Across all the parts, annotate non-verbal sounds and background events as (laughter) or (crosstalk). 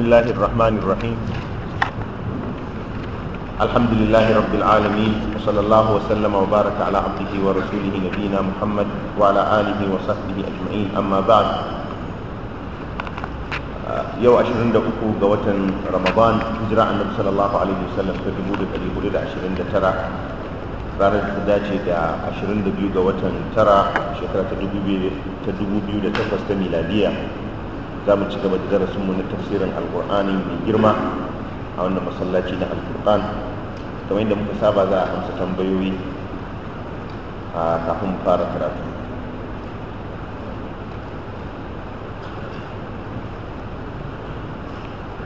بسم الله الرحمن الرحيم الحمد لله رب العالمين وصلى الله وسلم وبارك على عبده ورسوله نبينا محمد وعلى آله وصحبه أجمعين أما بعد yau 23 ga watan ramadan hijira annabi sallallahu alaihi wasallam ta 1429 ranar ta dace da 22 ga watan tara shekara ta 2008 ta miladiya za mu ci gaba da darasin mu na tafsirin alkur'ani mai girma a wannan masallaci na alkur'an kamar yadda muka saba za a amsa tambayoyi a kafin fara karatu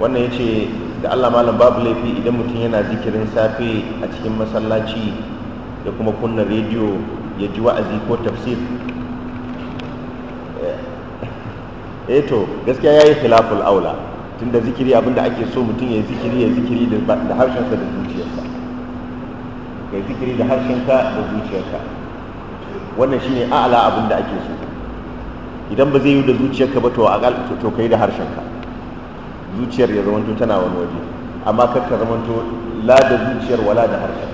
wannan ya ce da allah malam babu laifi idan mutum yana zikirin safe a cikin masallaci da kuma kunna rediyo ya ji wa'azi ko tafsir eh to gaskiya yayi khilaful aula tunda zikiri abinda ake so mutum ya zikiri ya zikiri da harshenka da zuciyarsa ya zikiri da harshenka da zuciyarka wannan shine a'la abinda ake so idan ba zai yi da zuciyarka ba to a to kai da harshenka zuciyar ya zamanto tana wani waje amma kar ka zamanto la da zuciyar wala da harshen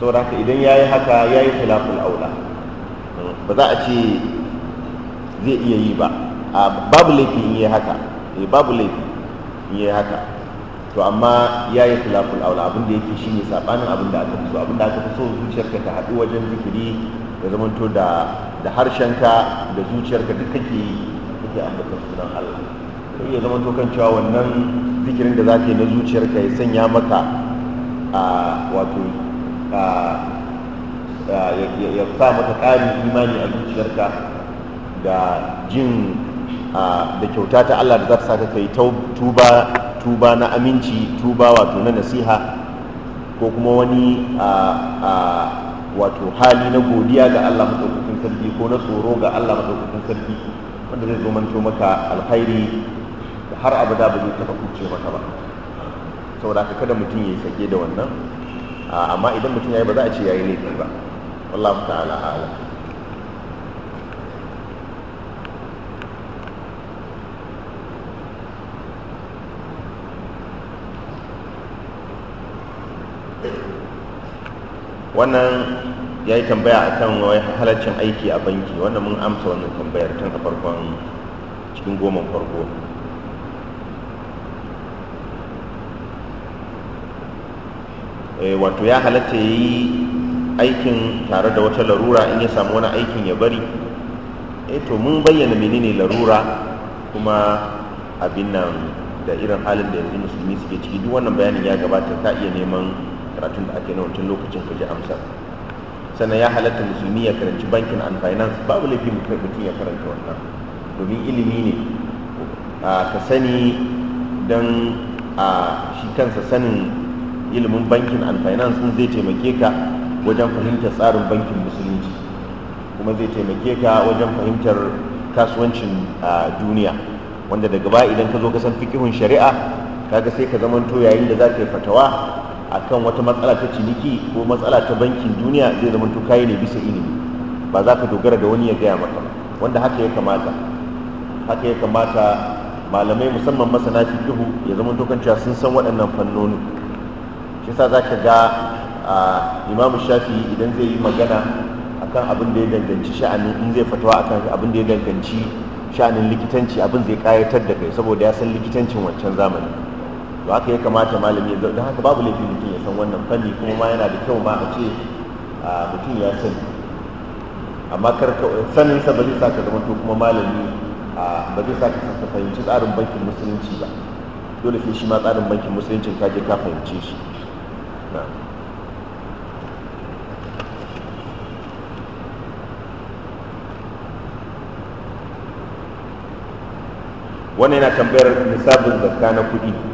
saboda haka idan yayi haka yayi khilaful aula ba za a ce zai iya yi ba babu laifi in yi haka eh, babu laifi in yi haka to amma ya yi filafin aula abin da shi ne sabanin abin da aka fi so abin da aka fi so zuciyarka ta haɗu wajen zikiri da zamanto da da harshenka da zuciyarka duk kake yi kake ambata sunan Allah sai ya zamanto kan cewa wannan zikirin da ka yi na zuciyarka ya sanya maka a wato a ya sa maka ƙarin imani a zuciyarka da jin da kyauta ta Allah da za ta saka kai tuba tuba na aminci tuba wato na nasiha ko kuma wani wato hali na godiya ga Allah madaukakin sarki ko na tsoro ga Allah madaukakin sarki wanda zai zo manto maka alkhairi da har abada ba zai taɓa kuce maka ba saboda haka kada mutum ya yi sake da wannan amma idan mutum ya yi ba za a ce ya yi laifin ba wallahu ta'ala a'lam wannan ya yi tambaya a kan halaccin aiki a banki wannan mun amsa wannan tambayar tun a farkon cikin goma farko eh, wato ya halatta ya yi aikin tare da wata larura in ya samu wani aikin ya bari e to mun bayyana menene larura kuma abin nan da irin halin da yanzu musulmi suke ciki duk wannan bayanin ya gabata ta iya neman bukatun da ake na wancan lokacin ka ji amsa. sannan ya halatta musulmi ya karanci bankin and finance babu laifi mutum ya karanta wannan domin ilimi ne ka sani don a shi kansa sanin ilimin bankin and finance sun zai taimake ka wajen fahimtar tsarin bankin musulunci kuma zai taimake ka wajen fahimtar kasuwancin duniya wanda daga ba idan ka zo ka san fikihun shari'a kaga sai ka zamanto yayin da za ka yi fatawa akan wata matsala ta ciniki ko matsala ta bankin duniya zai zama to ne bisa ilimi ba za ka dogara da wani ya gaya maka wanda haka ya kamata haka ya kamata malamai musamman masana fiqhu ya zama to cewa sun san waɗannan fannoni shi yasa za ka ga imamu shafi idan zai yi magana akan abin da ya danganci sha'anin in zai fatawa akan abin da ya danganci sha'anin likitanci abin zai kayatar da kai saboda ya san likitancin wancan zamani to haka ya kamata malami ya don haka babu laifin mutum ya san wannan fanni kuma ma yana da kyau ma a ce mutum ya sani amma kar sanin sa ba zai sa ka zama to kuma malami ba zai sa ka fahimci tsarin bankin musulunci ba dole sai shi ma tsarin bankin musulunci ka je ka fahimce shi wannan yana tambayar nisabin zakka na kuɗi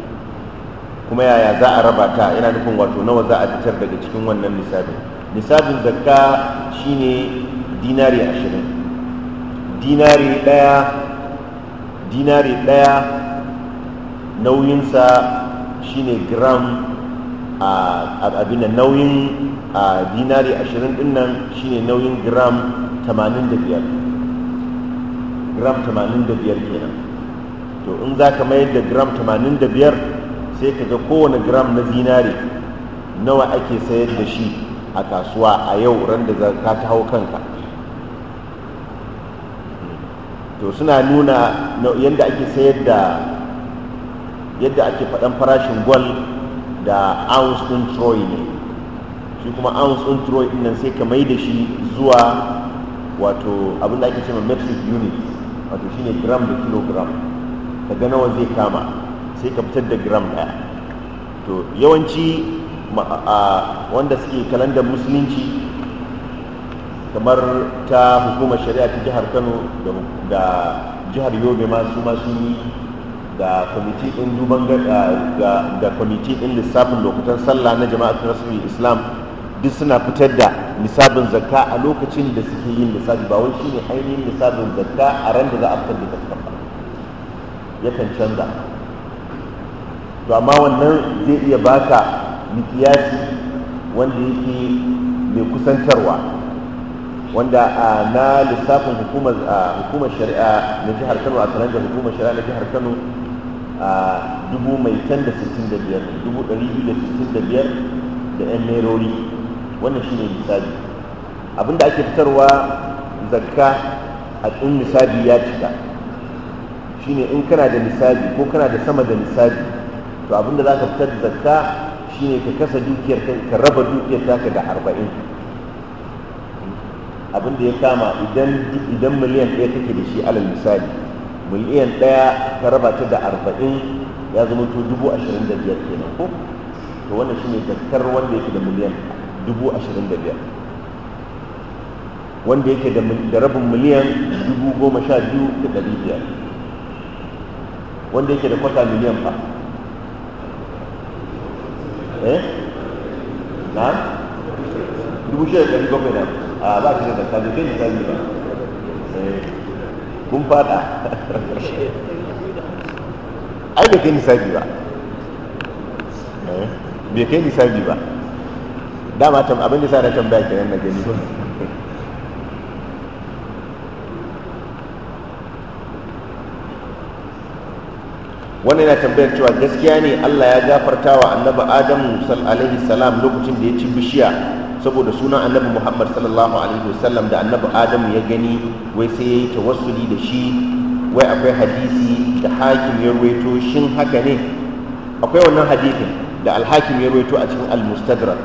kuma yaya za a raba ta yana nufin wato nawa za a fitar daga cikin wannan nisabin nisabin zakka shine dinari ashirin dinari ɗaya dinari ɗaya nauyinsa shine gram a abin nauyin a dinari ashirin din nan shine nauyin gram 85 gram 85 kenan to in za ka mayar da gram 85 sai ka ga kowane gram na zinare nawa ake sayar da shi a kasuwa a yau ran da ka ta hau kanka to suna nuna yadda ake sayar da yadda ake faɗan farashin gwal da ounce ɗin troy ne shi kuma ounce ɗin troy ɗin nan sai ka mai da shi zuwa wato abin da ake cewa metric unit wato shine gram da kilogram ka ga nawa zai kama sai ka fitar da gram ɗaya to yawanci wanda suke kalandar musulunci kamar ta hukumar shari'a ta jihar kano da jihar yobe ma su ma yi da kwamiti ɗin duban da kwamiti ɗin lissafin lokutan sallah na jama'atul rasulul islam duk suna fitar da nisabin zakka a lokacin da suke yin lissafi ba wai shine ainihin lissafin zakka a ran da za a fitar da zakka ba yakan canza to amma wannan zai iya baka mikiyasi wanda yake mai kusantarwa wanda a na lissafin hukumar hukumar shari'a na jihar Kano a sanar da hukumar shari'a na jihar Kano a dubu mai can da sittin da biyar dubu ɗari biyu da sittin da biyar da yan merori wannan shine misali abinda ake fitarwa zakka a tsin misali ya cika shine in kana da misali ko kana da sama da misali to abinda za ka fitar da zakka ne ka kasa dukiyar ka raba dukiyar ta ga arba'in abinda ya kama idan idan miliyan ɗaya ke da shi alal misali miliyan ɗaya ka raba ta da arba'in ya zama to dubu ashirin da biyar kenan ko to wannan ne zakkar wanda yake da miliyan dubu ashirin da biyar wanda yake da rabin miliyan dubu goma sha biyu da ɗari biyar wanda yake da kwata miliyan ba eh na dubu shida da ɗari bakwai na a ba ka da ka da kai da zai ba kun eh, fada (laughs) ai bai kai nisabi ba eh, bai kai nisabi ba dama abin da sa na tambaya kenan na gani wannan yana tambayar cewa gaskiya ne Allah ya gafarta wa annabi Adam alaihi salam lokacin da ya ci bishiya saboda sunan annabi Muhammad sallallahu alaihi wasallam da annabi Adam ya gani wai sai ya yi tawassuli da shi wai akwai hadisi da hakim ya rawaito shin haka ne akwai wannan hadisin da alhakim ya rawaito a cikin al-mustadrak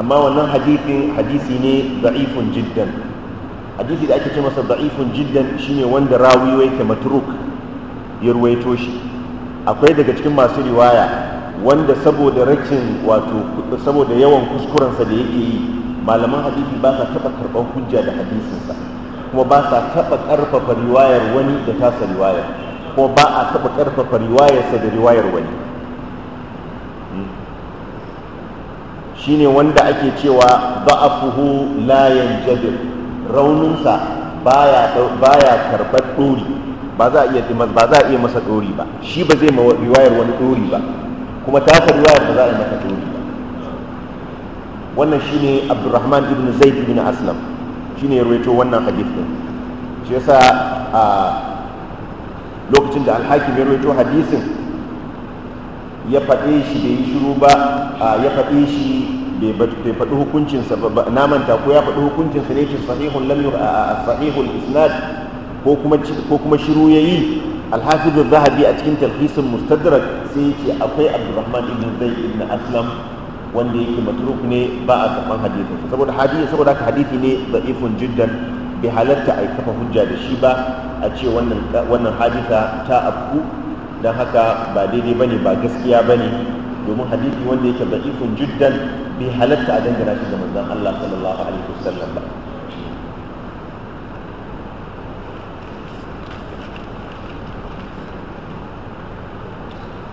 amma wannan hadisin hadisi ne da'ifun jiddan hadisi da ake ce masa da'ifun jiddan shine wanda rawi ke matruk ya rawaito shi akwai daga cikin masu riwaya wanda saboda rakin wato saboda yawan kuskurensa da yake yi malaman hadisi ba sa taɓa karɓar hujja da hadisinsa kuma ba sa taɓa ƙarfafa riwayar wani da tasa riwayar kuma ba a taɓa ƙarfafa riwayarsa da riwayar wani shine wanda ake cewa ba'afuhu la yanjabir rauninsa baya baya karɓar ɗori ba za a iya ba za a iya masa dori ba shi ba zai ma riwayar wani dori ba kuma ta sa riwayar ba za a yi masa dori ba wannan shine Abdurrahman ibn Zaid ibn Aslam shine ya rawaito wannan hadith din shi yasa a lokacin da al-Hakim ya rawaito hadisin ya faɗe shi bai yi shiru ba ya faɗe shi bai faɗi hukuncinsa ba na manta ko ya faɗi hukuncinsa ne shi sahihun a sahihun isnad ko kuma ko kuma shiru yayi al-hafiz zahabi a cikin talhisin mustadrak sai yake akwai abdurrahman ibn zayd ibn aslam wanda yake matruk ne ba a karban hadisi saboda hadisi saboda haka hadisi ne da'ifun jiddan bai halarta a kafa hujja da shi ba a ce wannan wannan hadisa ta afku dan haka ba daidai bane ba gaskiya bane domin hadisi wanda yake da'ifun jiddan bai halarta a dangana shi da manzon Allah sallallahu alaihi wasallam ba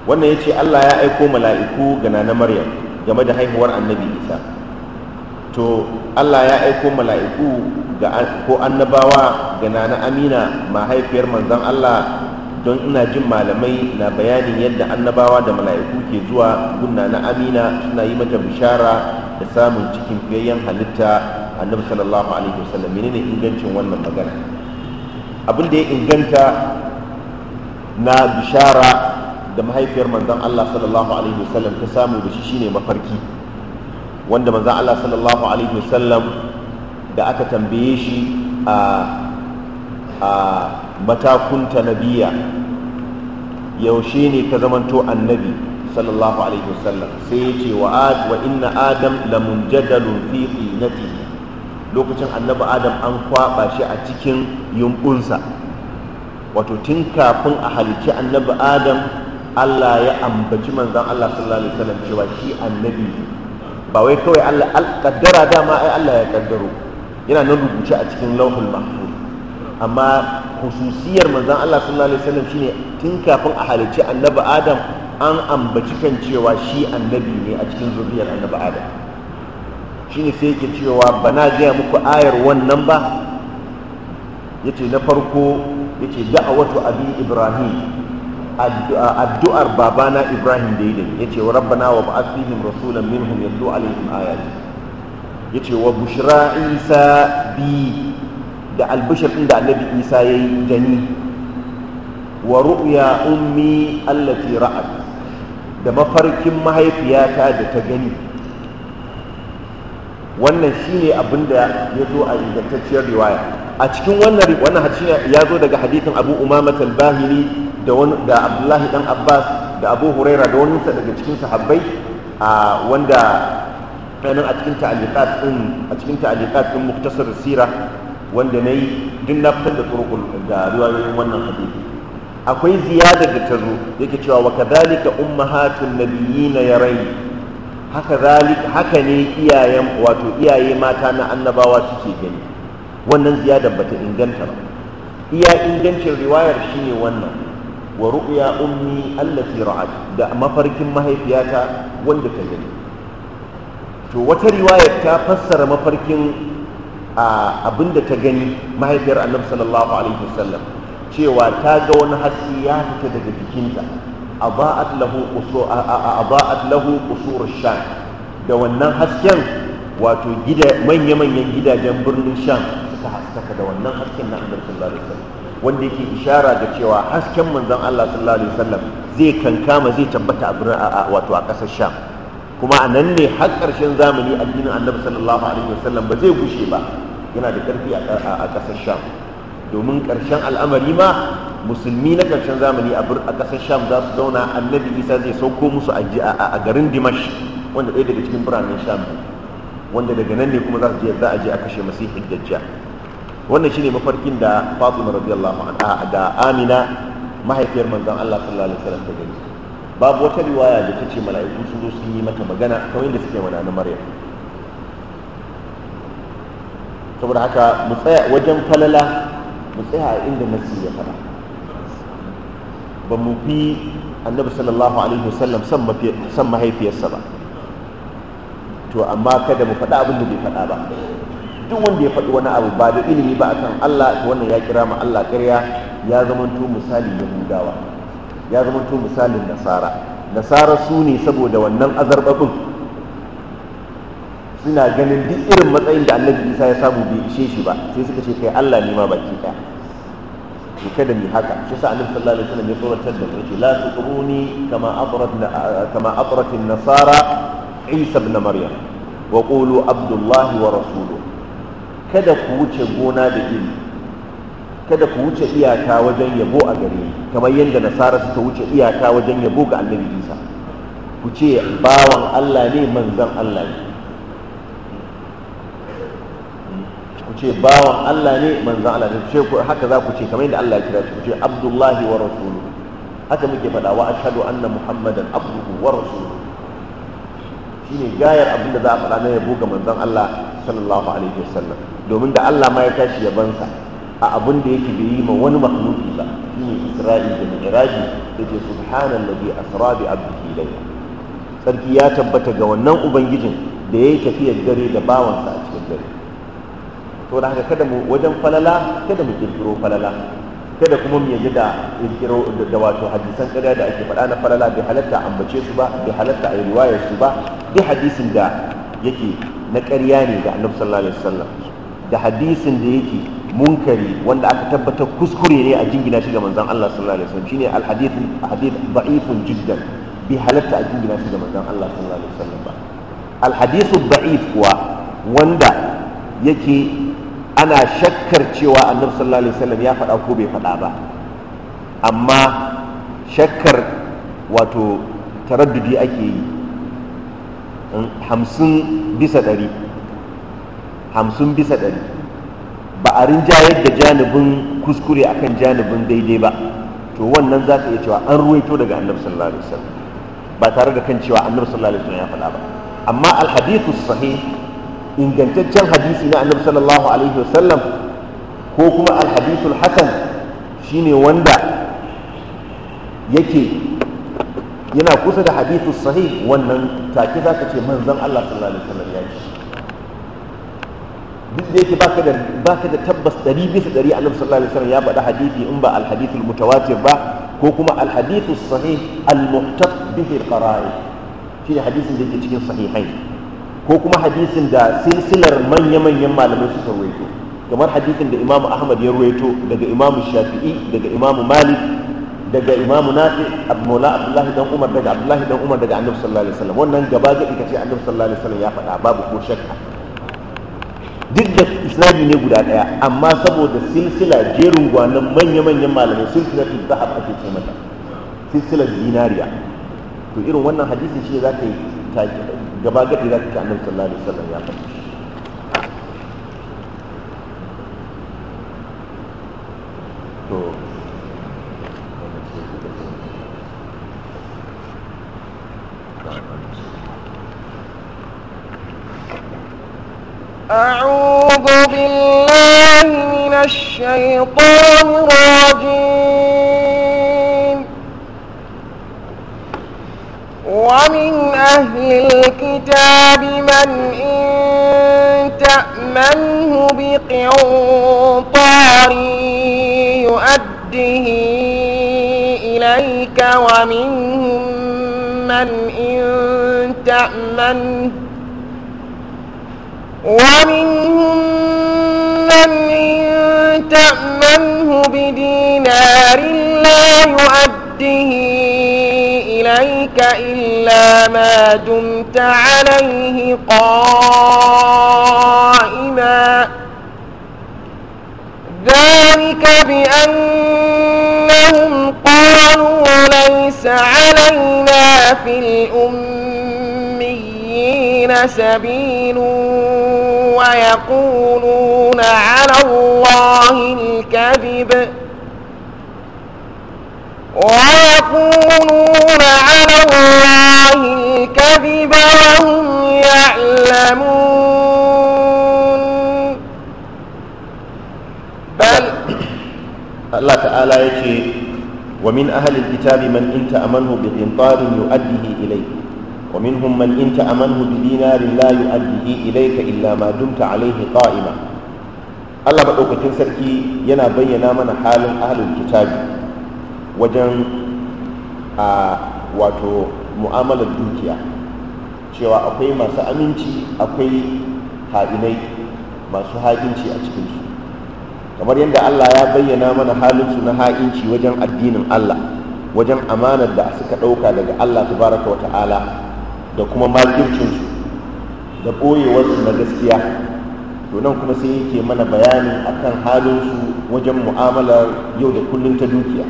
wannan ya ce allah ya aiko mala'iku ga nana maryam game da haihuwar annabi isa to allah ya aiko mala'iku ko annabawa ga nana amina mahaifiyar manzon allah don ina jin malamai na bayanin yadda annabawa da mala'iku ke zuwa gunna na amina suna yi mata bishara da samun cikin fiyayyen halitta annabi sallallahu alaihi wasallam menene ingancin wannan magana abin da ya inganta na bishara da mahaifiyar manzon Allah sallallahu alaihi wasallam ta samu da shi shine mafarki wanda manzon Allah sallallahu alaihi wasallam da aka tambaye shi a a na nabiya yaushe ne ka zamanto annabi sallallahu alaihi wasallam sai ya ce wa ad wa inna adam lamunjadalun fi qinatihi lokacin annabi adam an kwaba shi a cikin yumbunsa wato tun kafin a halici annabi adam Allah ya ambaci manzon Allah sallallahu alaihi wasallam cewa shi annabi ba wai kawai Allah alƙaddara dama ai Allah ya kaddaro yana nan rubuce a cikin lauhul mahfuz amma hususiyar manzon Allah sallallahu alaihi wasallam shine tun kafin a halicci annabi Adam an ambaci kan cewa shi annabi ne a cikin zuriyar annabi Adam shine sai yake cewa bana gaya muku ayar wannan ba yace na farko yace da'awatu abi ibrahim addu'ar babana ibrahim da yi ya ce wa rabbana wa ba'ad fihim rasulan minhum yatlu alaihim ayati ya ce wa bushra isa bi da albishir ɗin da annabi isa ya yi gani wa ru'ya ummi allati ra'at da mafarkin mahaifiyata da ta gani wannan shine abin da ya zo a ingantacciyar riwaya a cikin wannan wannan ya zo daga hadithin abu umamat al-bahili da wani da abdullahi dan abbas da abu huraira da wani daga cikin sahabbai a wanda ɗanin a cikin ta'aliqat din a cikin ta'aliqat din muktasar sira wanda nayi duk na fitar da turqul da riwayoyin wannan hadisi akwai ziyada da ta zo yake cewa wa kadhalika ummahatun nabiyina na haka zalika haka ne iyayen wato iyaye mata na annabawa suke gani wannan ziyadar bata inganta ba iya ingancin riwayar shine wannan wa ru'ya ummi allati ra'at da mafarkin mahaifiyata wanda ta gani to wata riwaya ta fassara mafarkin abinda ta gani mahaifiyar annabi sallallahu alaihi wasallam cewa ta ga wani haske ya fita daga jikinta aba'at lahu qusur aba'at lahu qusur shan da wannan hasken wato gida manya-manyan gidajen birnin shan suka haskaka da wannan hasken na annabi sallallahu alaihi wasallam wanda yake ishara da cewa hasken manzon Allah sallallahu alaihi wasallam zai kankama zai tabbata a birnin a wato a ƙasar Sham kuma a nan ne har ƙarshen zamani addinin Annabi sallallahu alaihi wasallam ba zai gushe ba yana da ƙarfi a ƙasar Sham domin ƙarshen al'amari ma musulmi na ƙarshen zamani a ƙasar Sham za su zauna Annabi Isa zai sauko musu a garin Dimash wanda ɗaya daga cikin biranen Sham wanda daga nan ne kuma za su je za a je a kashe Masihid Dajjal wannan shi ne mafarkin da Fatima radiyallahu anha da Amina mahaifiyar manzon Allah sallallahu alaihi wasallam ta gani babu wata riwaya da ta ce mala'iku sun zo sun yi mata magana ta wanda suke mana na Maryam saboda haka mu tsaya wajen falala mu tsaya a inda nasi ya fara ba mu bi annabi sallallahu alaihi wasallam san mahaifiyarsa ba to amma kada mu faɗa abin da bai faɗa ba duk wanda ya faɗi wani abu ba da ilimi ba akan Allah ta wannan ya kira ma Allah ƙarya ya zamanto misali Yahudawa ya misalin Nasara Nasara su ne saboda wannan azarbabin suna ganin duk irin matsayin da Annabi Isa ya samu bai ishe shi ba sai suka ce kai Allah ne ma baki ɗaya to kada mu haka shi sa Annabi sallallahu alaihi wasallam ya tsoratar da mu yace la tuqruni kama kama afrat nasara Isa ibn Maryam wa qulu wa rasuluhu kada ku wuce gona da iri kada ku wuce iyaka wajen yabo a gare ni kamar yadda nasara suka wuce iyaka wajen yabo ga annabi isa ku ce bawan allah ne manzan allah ne ku ce bawan allah ne manzan allah ne ku ce haka za ku ce kamar yadda allah ya kira ku ce abdullahi wa rasulu haka muke faɗa wa ashhadu anna muhammadan abduhu wa rasuluhu shine gayar abin da za a faɗa na yabo ga manzon Allah sallallahu alaihi wasallam domin da Allah ma ya tashi yabansa a abin da yake bai yi ma wani makhluki ba shine Isra'i da Mi'raji ke subhanallazi asra bi abdihi layla sarki ya tabbata ga wannan ubangijin da yayi tafiyar dare da bawansa a cikin dare to da haka kada mu wajen falala kada mu kirkiro falala kada kuma mu yaji da kirkiro da wato hadisan ƙarya da ake faɗa na falala bai halatta ambace su ba bai halatta a riwayar su ba duk hadisin da yake na ƙarya ne ga annabi sallallahu alaihi wasallam da hadisin da yake munkari wanda aka tabbatar kuskure ne a jingina shi ga manzon Allah sallallahu alaihi wasallam shine alhadith hadith da'ifun jiddan bi halatta a jingina shi ga manzon Allah sallallahu alaihi wasallam ba alhadithu da'if kuwa wanda yake ana shakkar cewa annabi sallallahu alaihi wasallam ya faɗa ko bai faɗa ba amma shakkar wato taraddudi ake yi hamsin bisa ɗari hamsin bisa ɗari ba a rinja yadda janibin kuskure akan janibin daidai ba to wannan za ka iya cewa an ruwaito daga annabi sallallahu alaihi wasallam ba tare da kan cewa annabi sallallahu alaihi wasallam ya faɗa ba amma alhadithu sahih ingantaccen hadisi na annabi sallallahu alaihi wasallam ko kuma alhadithul hasan shine wanda yake yana kusa da hadithu sahih wannan take za ka ce manzon Allah sallallahu alaihi wasallam ya ce duk da yake baka da baka da tabbas 100 bisa 100 annabi sallallahu alaihi wasallam ya bada hadithi in ba al hadithu al mutawatir ba ko kuma al hadithu sahih al muhtaf bihi al qara'i shi hadisin da yake cikin sahihain ko kuma hadisin da silsilar manya-manyan malamai suka ruwaito kamar hadisin da imamu ahmad ya ruwaito daga imamu shafi'i daga imamu malik daga imamu nafi maula abdullahi dan umar daga abdullahi dan umar daga annabi sallallahu alaihi wasallam wannan gaba ga ita ce annabi sallallahu alaihi wasallam ya faɗa babu ko shakka duk da isnadi ne guda daya amma saboda silsila jerin gwanan manya-manyan malamai silsila ta zahab ake ce mata silsilar zinariya to irin wannan hadisi shi za ta yi gaba gadi za ka annabi sallallahu alaihi wasallam ya faɗa الشيطان الرجيم ومن أهل الكتاب من إن تأمنه بقنطار يؤده إليك ومنهم من إن تأمنه ومنهم من إن تأمنه عنه بدينار لا يؤديه إليك إلا ما دمت عليه قائما ذلك بأنهم قالوا ليس علينا في الأميين سبيل ويقولون على الله الكذب ويقولون على الله الكذب وهم يعلمون بل الله تعالى يقول ومن أهل الكتاب من إن تأمنه بقنطار يؤديه إليه ومنهم من إن تأمنه بدينار لا يؤديه إليك إلا ما دمت عليه قائما الله بدوك تنسركي ينا بينا من حال أهل الكتاب وجن آه واتو mu'amalar دوكيا cewa akwai masu aminci akwai haɗinai masu haɗinci a cikinsu kamar yadda allah ya bayyana mana halinsu na haƙinci wajen addinin allah wajen amanar da suka ɗauka daga allah tabaraka wa ta'ala da kuma makircinsu da ɓoyewarsu na gaskiya to nan kuma sai yake mana bayani akan halinsu wajen mu'amalar yau da kullum ta dukiya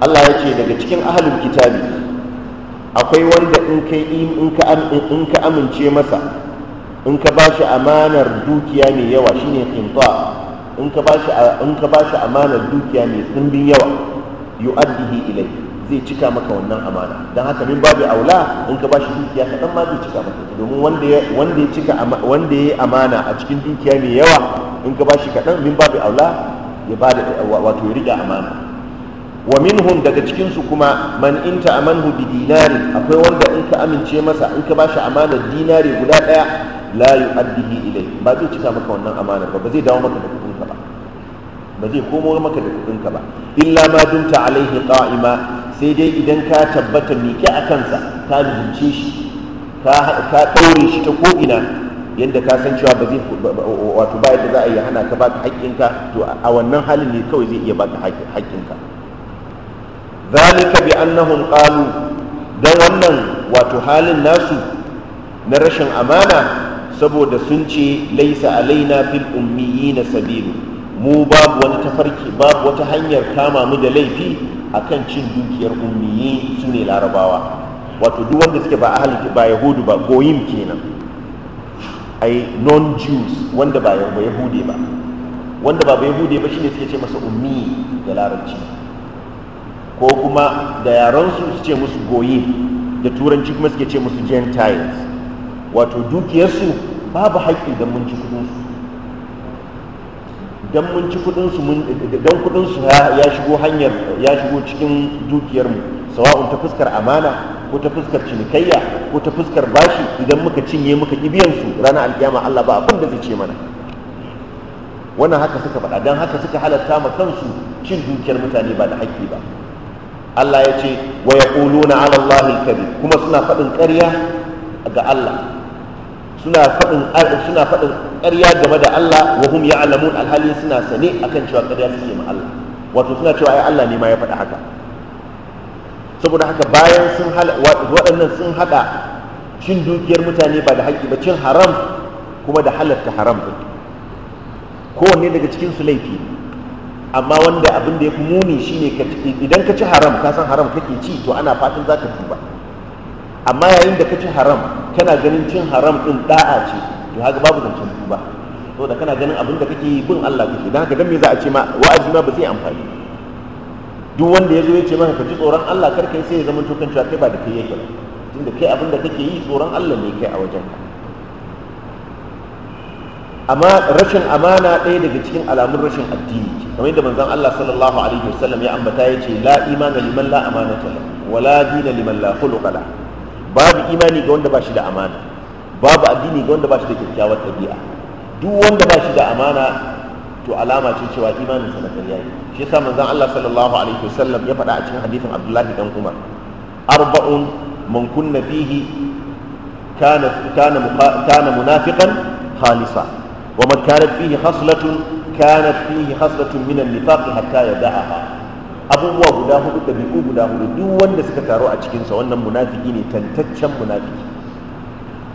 Allah ya ce daga cikin ahalin kitabi akwai wanda in ka amince masa in ka ba shi amanar dukiya mai yawa shine qinta in ka ba shi amanar dukiya mai tsimbin yawa yu'addihi ilai. zai cika maka wannan amana don haka min babu aula in ka bashi dukiya kaɗan ma zai cika maka domin wanda ya cika wanda ya yi amana a cikin dukiya mai yawa in ka bashi kaɗan min babu aula ya ba da wato ya riƙe amana wa minhum daga cikinsu kuma man inta ta'amanhu bi dinari akwai wanda in ka amince masa in ka bashi amana dinari guda ɗaya la yu'addihi ilai ba zai cika maka wannan amana ba ba zai dawo maka da kuɗinka ba ba zai komo maka da kuɗinka ba illa ma dumta alaihi qa'ima sai dai idan ka tabbata miƙe a kansa ka zuci shi ka ɗaure shi ta ko'ina yadda ka san cewa ba zai wato ba yadda za a yi hana ka ba ka haƙƙinka to a wannan halin ne kawai zai iya ba ka haƙƙinka zalika bi annahum qalu dan wannan wato halin nasu na rashin amana saboda sun ce laisa alaina fil ummiyina sabilu mu babu wani tafarki babu wata hanyar kama mu da laifi a kan cin dukiyar ummi su ne larabawa wato duk wanda suke ba ahal ba yahudu ba goyim kenan ai non jews wanda ba ba yahude ba wanda ba yahude ba shine suke ce masa ummi da larabci ko kuma da yaran su ce musu goyim da turanci kuma suke ce musu gentiles wato dukiyarsu babu haƙƙi da mun ci kudin don mun ci kudinsu don kudinsu ya shigo hanyar ya shigo cikin dukiyarmu sawa'un ta fuskar amana ko ta fuskar cinikayya ko ta fuskar bashi idan muka cinye muka su ranar alkiyama Allah ba abin da zai ce mana wannan haka suka faɗa don haka suka halatta ma kansu cin dukiyar mutane ba da haƙƙi ba Allah ya ce wa yaquluna ala Allah al kuma suna faɗin ƙarya ga Allah suna faɗin suna faɗin ƙarya game da Allah wa hum ya'lamun alhali suna sane akan cewa ƙarya suke ma Allah wato suna cewa ai Allah ne ma ya faɗi haka saboda haka bayan sun waɗannan sun haɗa cin dukiyar mutane ba da haƙƙi ba cin haram kuma da halatta haram ɗin kowanne daga cikin su laifi amma wanda abin da ya fi muni shine idan ka ci haram ka san haram kake ci to ana fatan za ka tuba amma yayin da ka ci haram kana ganin cin haram din da'a ce to haka babu zancen duba saboda kana ganin abin da kake yi bin Allah kake dan haka dan me za a ce ma wa'azi ma ba zai amfani duk wanda ya zo ya ce maka ka ji tsoron Allah kar kai sai ya zama to cewa kai ba da kai yake ba tunda kai abin da kake yi tsoron Allah ne kai a wajen ka amma rashin amana ɗaya daga cikin alamun rashin addini ce kamar yadda manzon Allah sallallahu alaihi wasallam ya ambata yace la imana liman la amanata wala dina liman la khuluqa babu imani ga wanda ba shi da amana babu addini ga wanda ba shi da kyakkyawar ɗabi'a duk wanda ba shi da amana to alama ce cewa imanin sa na ƙarya ne shi yasa manzon Allah sallallahu alaihi wasallam ya faɗa a cikin hadisin Abdullahi dan Umar arba'un man kunna fihi kana kana kana munafiqan khalisa wa man kanat fihi khaslatun kanat fihi khaslatun min an-nifaq hatta yada'aha abubuwa guda hudu ɗabi'u guda hudu duk wanda suka taru a cikinsa wannan munafiki ne tantaccen munafiki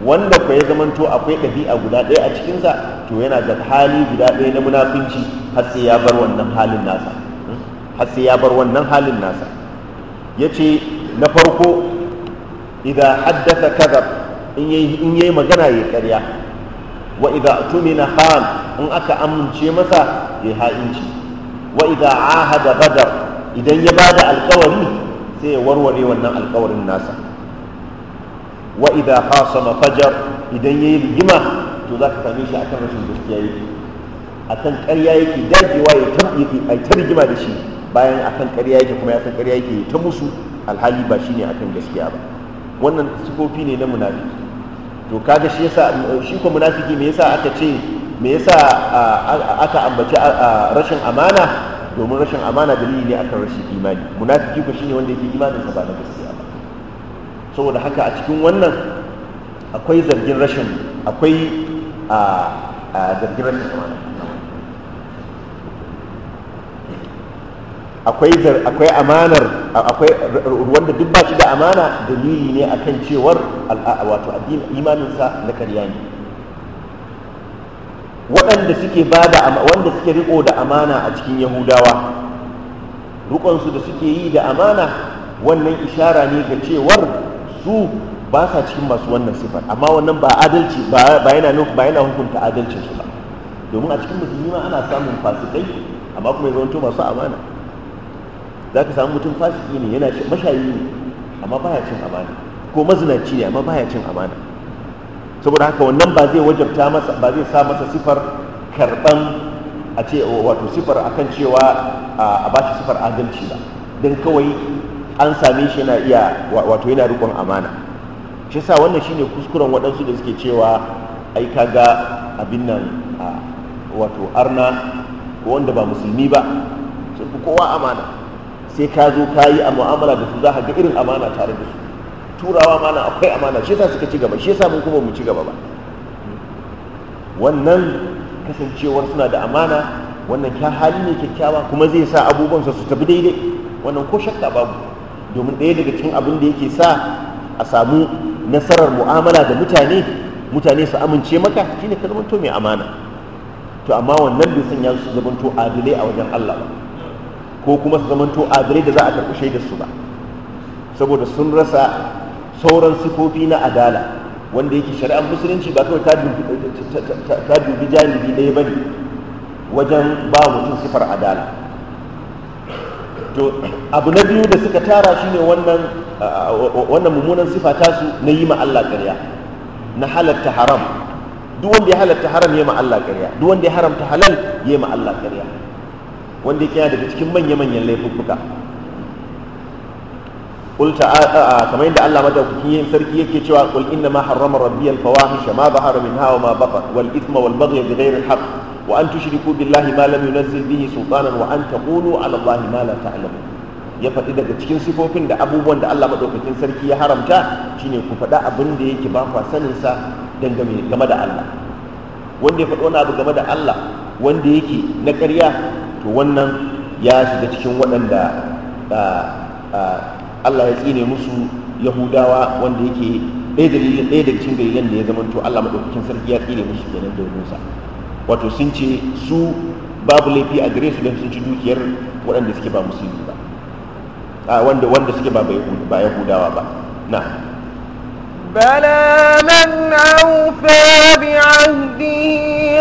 wanda ku ya zamanto akwai ɗabi'a guda ɗaya a cikinsa to yana da hali guda ɗaya na munafinci har sai ya bar wannan halin nasa hmm? har sai ya bar wannan halin nasa ya ce na farko idan haddasa kazab in yayi magana ya karya wa idan tumina khan in aka amince masa ya ha'inci wa idan ahada badar idan ya ba da alkawari sai ya warware wannan alkawarin nasa wa idan khasama fajar idan ya yi rigima to za ka same shi akan rashin gaskiya yake akan karya yake dajewa ya tambiki a ta rigima da shi bayan akan ƙarya yake kuma ya san karya yake ta musu alhali ba shi ne akan gaskiya ba wannan sifofi ne na munafiki to kaga shi yasa shi ko munafiki me yasa aka ce me yasa aka ambaci rashin amana domin rashin amana dalili ne akan rashin imani munafiki ko shine wanda yake imaninsa ba na gaskiya ba saboda haka a cikin wannan akwai zargin rashin akwai a zargin rashin amana akwai akwai amanar akwai wanda duk ba shi da amana dalili ne akan cewar wato imanin imaninsa na karya ne waɗanda suke ba da wanda suke riko da amana a cikin yahudawa riƙonsu da suke yi da amana wannan ishara ne ga cewar su ba sa cikin masu wannan sifar amma wannan ba adalci ba yana ba yana hukunta adalci su ba domin a cikin musulmi ma ana samun fasikai amma kuma ya zanto masu amana za ka samu mutum fasiki ne yana mashayi ne amma baya cin amana ko mazinaci ne amma baya cin amana saboda haka wannan ba zai wajabta masa ba zai sa masa sifar karban a ce wato sifar akan cewa a ba shi sifar adalci ba don kawai an same shi yana iya wato yana rikon amana shi sa wannan shine kuskuren waɗansu da suke cewa ai kaga abin nan wato arna wanda ba musulmi ba sai kowa amana sai ka zo ka yi a mu'amala da su za ka ga irin amana tare da su turawa mana akwai amana shi yasa suka ci gaba shi yasa mun kuma mu ci gaba ba wannan kasancewar suna da amana wannan kya hali ne kyakkyawa kuma zai sa abubuwan su tafi daidai wannan ko shakka babu domin ɗaya daga cikin abin da yake sa a samu nasarar mu'amala da mutane mutane su amince maka shine ka zamanto mai amana to amma wannan bai sanya su zamanto adalai a wajen Allah ba ko kuma su zamanto adalai da za a karɓi shaidar su ba saboda sun rasa sauran sifofi na adala wanda yake shari'ar musulunci ba kawai ta dubi janibi ɗaya ba ne wajen ba mutum sifar adala to abu na biyu da suka tara shi ne wannan mummunan sifa tasu na yi ma Allah ƙarya na halatta haram duk wanda ya halatta haram ya ma Allah ƙarya duk wanda ya haramta halal ya ma Allah ƙarya wanda yake daga cikin manya-manyan laifuffuka قل تعالى كما عند الله مدوكين سركي يكي شوى قل إنما حرم ربي الفواحش ما ظهر منها وما بطن والإثم والبغي بغير الحق وأن تشركوا بالله ما لم ينزل به سلطانا وأن تقولوا على الله ما لا تعلمون ya faɗi daga cikin sifofin da abubuwan da Allah maɗaukakin sarki ya haramta shine ku faɗa abin da yake ba kwa sanin sa game da Allah wanda ya faɗi wani abu game da Allah wanda yake na ƙarya to wannan ya shiga cikin waɗanda ah, ah, Allah ya tsine musu yahudawa wanda yake ɗaya dalilin ɗaya daga cikin dalilan da ya zama to Allah maɗaukakin sarki ya tsine musu kenan domin sa wato sun ce su babu laifi a gare su don sun ci dukiyar waɗanda suke ba musulmi ba a wanda wanda suke ba ba yahudawa ba na بلى من أوفى بعهده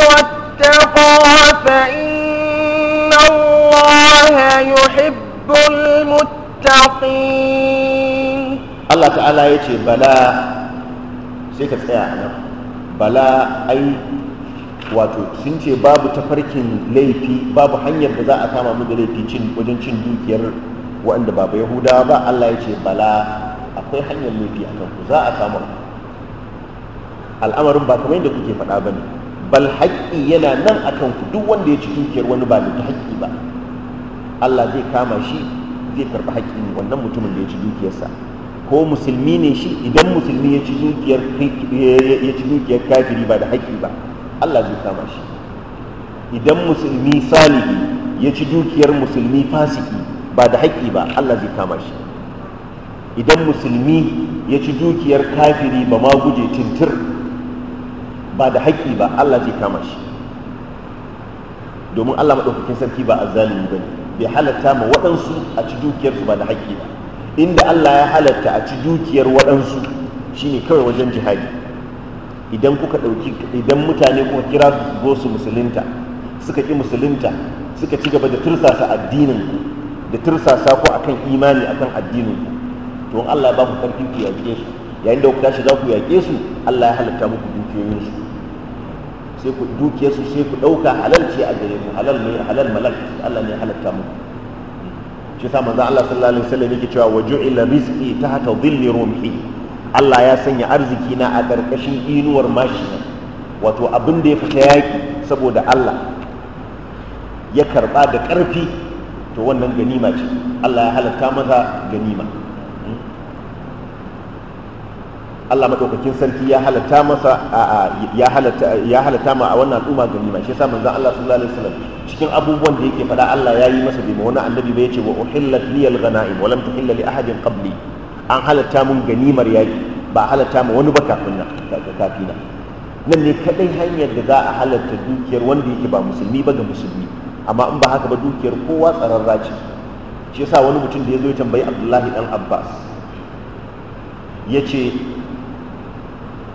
واتقى فإن الله يحب المتقين muttaqin Allah ta'ala ya ce bala sai ka tsaya a nan bala ai wato sun ce babu tafarkin laifi babu hanyar da za a kama mu da laifi cin wajen cin dukiyar waɗanda ba yahuda ba Allah ya ce bala akwai hanyar laifi a ku za a kama ku al'amarin ba kamar yadda kuke faɗa ba ne bal haƙƙi yana nan a kanku duk wanda ya ci dukiyar wani ba da ta haƙƙi ba Allah zai kama shi zai karɓi ne wannan mutumin da ya ci dukiyarsa ko musulmi ne shi idan musulmi ya ci dukiyar kafiri ba da haƙƙi ba Allah zai kama shi idan musulmi salihi ya ci dukiyar musulmi fasiki ba da haƙƙi ba Allah zai kama shi idan musulmi ya ci dukiyar kafiri ba ma guje tintir ba da haƙƙi ba Allah zai kama shi domin Allah maɗaukakin sarki ba azzalimi ba ne bai halatta ma waɗansu a ci dukiyarsu ba da haƙƙi ba inda Allah ya halatta a ci dukiyar waɗansu shine kawai wajen jihadi idan kuka ɗauki idan mutane kuka kira su zo su musulunta suka ƙi musulunta suka ci gaba da tursasa addinin ku da tursasa ku akan imani akan addinin ku to Allah ya ba ku ƙarfi ku yaƙe su yayin da ku tashi za ku yaƙe su Allah ya halatta muku dukiyoyinsu sai ku sai ku ɗauka halal ce a gare mu halal ne halal malak Allah ne halatta mu shi sa manzo Allah sallallahu alaihi wasallam yake cewa waju'ila rizqi tahta dhilli rumhi Allah ya sanya arziki na a karkashin inuwar mashi wato abin da ya fita yaki saboda Allah ya karba da karfi to wannan ganima ce Allah ya halatta masa ganima Allah madaukakin sarki ya halatta masa ya halatta ya halatta ma a wannan al'umma ma shi yasa manzon Allah sallallahu alaihi wasallam cikin abubuwan da yake fada Allah ya yi masa bi ma wani annabi bai ce wa uhillat liyal ghanaim wa lam tuhill li ahadin qabli an halatta mun ganimar yaki ba halatta ma wani ba kafin nan kafina nan ne kadai hanyar da za a halatta dukiyar wanda yake ba musulmi ba ga musulmi amma in ba haka ba dukiyar kowa tsararra ce shi yasa wani mutum da ya zo ya tambayi Abdullahi dan Abbas ya ce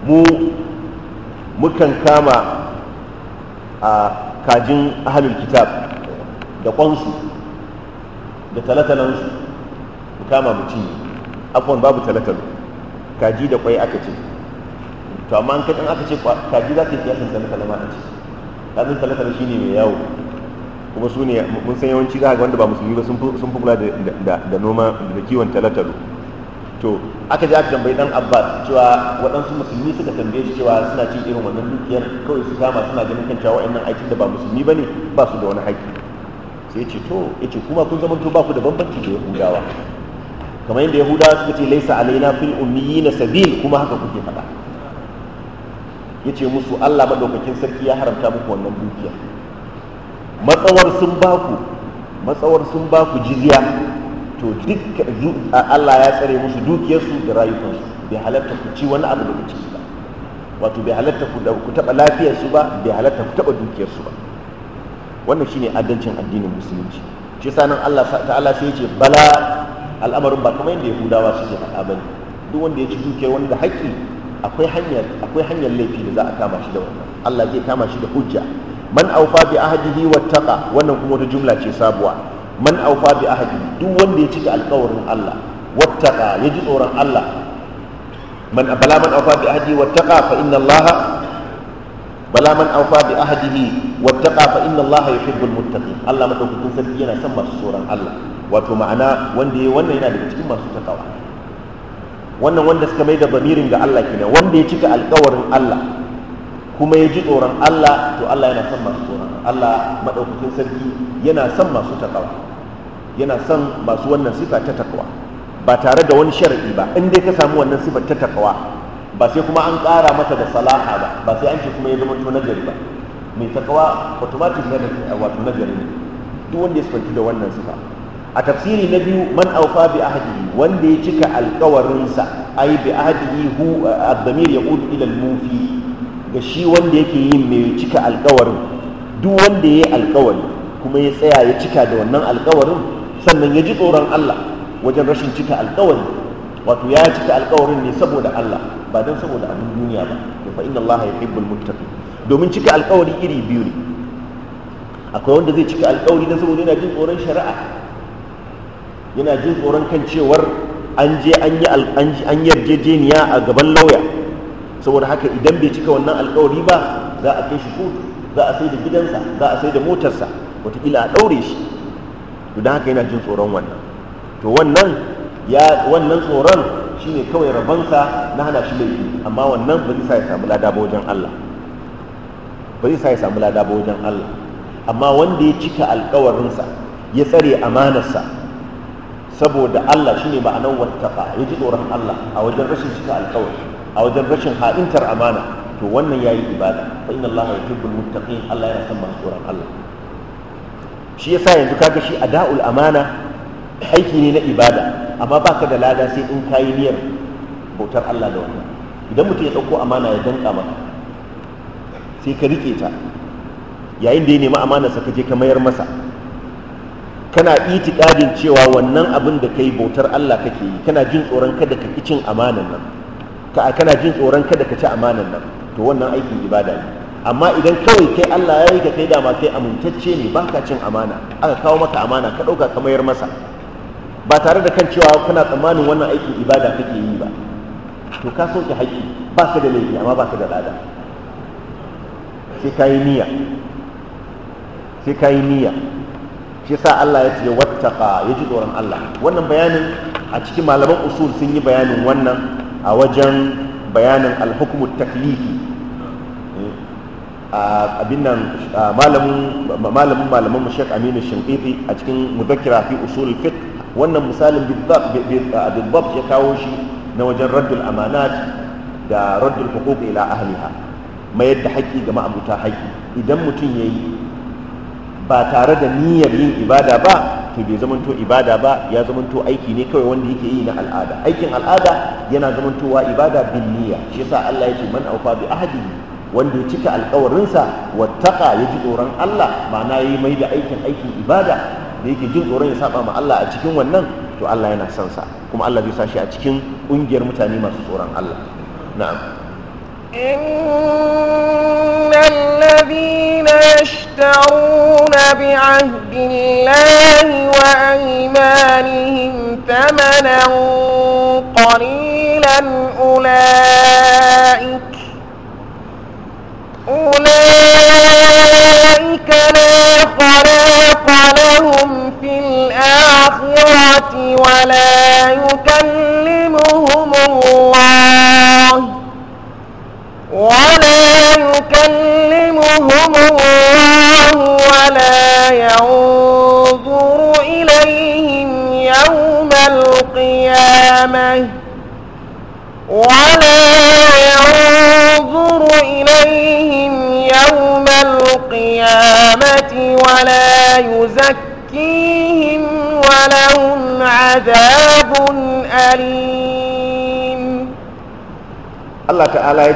mu mukan kama a kajin ahalul kitab da kwansu da talatalansu mu kama mu ci afon babu talatalo kaji da kwai aka ce to amma an kaɗin aka ce kaji za ta yi kiyasin talatala ma a ce kajin shi ne mai yawo kuma su ne mun san yawanci za ga wanda ba musulmi ba sun fi kula da noma da kiwon talatalu. to aka ji aka tambayi dan abbas cewa waɗansu musulmi suka tambaye shi cewa suna cin irin wannan dukiyar kawai su kama suna ganin kan cewa wa'annan aikin da ba musulmi bane ba su da wani haƙƙi sai ce to ya ce kuma kun zama to ba ku da bambanci da yahudawa kamar yadda yahudawa suka ce laisa alaina fil na sabil kuma haka kuke faɗa Ya ce musu Allah maɗaukakin sarki ya haramta muku wannan dukiya matsawar sun baku matsawar sun baku jizya to duk Allah ya tsare musu dukiyarsu da rayukansu bai halatta ku ci wani abu daga ciki ba wato bai halatta ku ku taba lafiyarsu ba bai halatta ku taba dukiyarsu ba wannan shine adalcin addinin musulunci shi yasa nan Allah ta'ala sai ya ce bala al'amarin ba kamar yadda Yahudawa suke faɗa bane duk wanda ya ci dukiyar wanda haƙƙi akwai hanyar akwai hanyar laifi da za a kama shi da wannan Allah zai kama shi da hujja man awfa bi ahdihi wattaqa wannan kuma wata jumla ce sabuwa man aufa bi ahadi duk wanda ya cika alkawarin Allah wattaqa ya ji tsoron Allah man bala man aufa bi ahadi wattaqa fa inna Allah bala man aufa bi ahadihi wattaqa fa inna Allah yuhibbul muttaqin Allah madaukakin sarki yana son masu tsoron Allah wato ma'ana wanda ya wannan yana daga cikin masu takawa wannan wanda suka mai da bamirin ga Allah kenan wanda ya cika alkawarin Allah kuma ya ji tsoron Allah to Allah yana son masu tsoron Allah madaukakin sarki yana son masu takawa yana son masu wannan sifa ta takawa ba tare da wani shar'i ba in dai ka samu wannan sifa ta takawa ba sai kuma an ƙara mata da salaha ba ba sai an ce kuma ya zama to nagari ba mai takawa automatic na wato nagari ne duk wanda ya sifanci da wannan sifa a tafsiri na biyu man aufa bi ahadihi wanda ya cika sa, ai bi ahadihi hu ad-damir yaqul ila al-mufi ga shi wanda yake yin mai cika alkawarin duk wanda ya yi alkawari kuma ya tsaya ya cika da wannan alkawarin sannan ya ji tsoron Allah wajen rashin cika alkawari wato ya cika alkawarin ne saboda Allah ba don saboda abin duniya ba to fa inna Allah yuhibbul muttaqin domin cika alkawari iri biyu ne akwai wanda zai cika alkawari don saboda yana jin tsoron shari'a yana jin tsoron kan cewar an je an yi an yarjejeniya a gaban lauya saboda haka idan bai cika wannan alkawari ba za a kai shi kotu za a sai da gidansa za a sai da motarsa wataƙila a ɗaure shi to da haka yana jin tsoron wannan to wannan ya wannan tsoron shine kawai rabonsa na hana shi laifi amma wannan ba zai sa ya samu lada ba wajen Allah ba zai sa ya samu lada ba wajen Allah amma wanda ya cika alƙawarinsa ya tsare amanarsa saboda Allah shine ma'anar wattaqa ya ji tsoron Allah a wajen rashin cika alkawari a wajen rashin ha'intar amana to wannan yayi ibada fa inna Allah yuhibbul muttaqin Allah yana son masu tsoron Allah shi yasa yanzu kaga shi da'ul amana aiki ne na ibada amma baka da lada sai in kayi niyyar bautar Allah da wannan idan mutum ya dauko amana ya danka maka sai ka rike ta yayin da ya nemi amana sa ka je ka mayar masa kana itikadin cewa wannan abin da kai bautar Allah kake yi kana jin tsoron kada ka ci amanan nan kana jin tsoron kada ka ci amanan nan to wannan aikin ibada ne amma idan kawai kai Allah ya rika kai dama kai amintacce ne ba ka cin amana aka kawo maka amana ka ɗauka ka mayar masa ba tare da kan cewa kana tsammanin wannan aikin ibada kake yi ba to ka sauke haƙƙi ba ka da laifi amma ba ka da lada sai ka yi niyya sai ka yi niyya shi sa Allah ya ce wattaqa ya ji tsoron Allah wannan bayanin a cikin malaman usul sun yi bayanin wannan a wajen bayanin alhukumut taklifi abin nan malamin malamin mu Sheikh Aminu Shinqiti a cikin mudakkira fi usul fiqh wannan misalin bidbab ya kawo shi na wajen raddul amanat da raddul huquq ila ahliha mayar da haƙƙi ga ma'abuta haƙƙi idan mutum yayi ba tare da niyyar yin ibada ba to bai zamanto ibada ba ya zamanto aiki ne kawai wanda yake yi na al'ada aikin al'ada yana zamantowa ibada bin niyya shi yasa Allah ya ce man aufa bi ahdihi wanda ya cika alkawarinsa wattaqa ya ji tsoron Allah ma'ana ya yi mai da aikin aikin ibada da yake jin tsoron ya saba ma Allah a cikin wannan to Allah yana son sa kuma Allah zai sashi a cikin ƙungiyar mutane masu tsoron Allah na'am إن الذين يشترون بعهد الله وأيمانهم ثمنا قليلا أولئك Oh, no!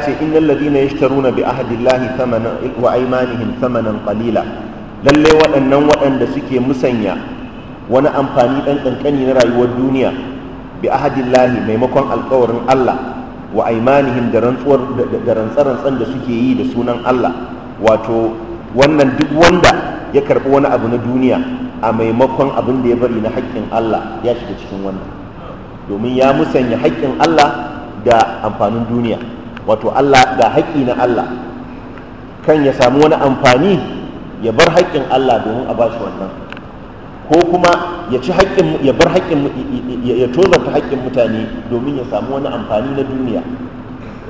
ya ce innal ya yashtaruna bi ahdillahi thamanan wa aymanihim thamanan qalila lalle waɗannan waɗanda suke musanya wani amfani ɗan ƙanƙani na rayuwar duniya bi ahadillahi maimakon alƙawarin Allah wa aimanihim da rantsuwar da rantsarantsan da suke yi da sunan Allah wato wannan duk wanda ya karɓi wani abu na duniya a maimakon abin da ya bari na haƙƙin Allah ya shiga cikin wannan domin ya musanya haƙƙin Allah da amfanin duniya wato Allah ga haƙƙi na Allah kan ya samu wani amfani ya bar haƙƙin Allah domin a bashi wannan ko kuma ya ci haƙƙin ya bar haƙƙin ya tozarta haƙƙin mutane domin ya samu wani amfani na duniya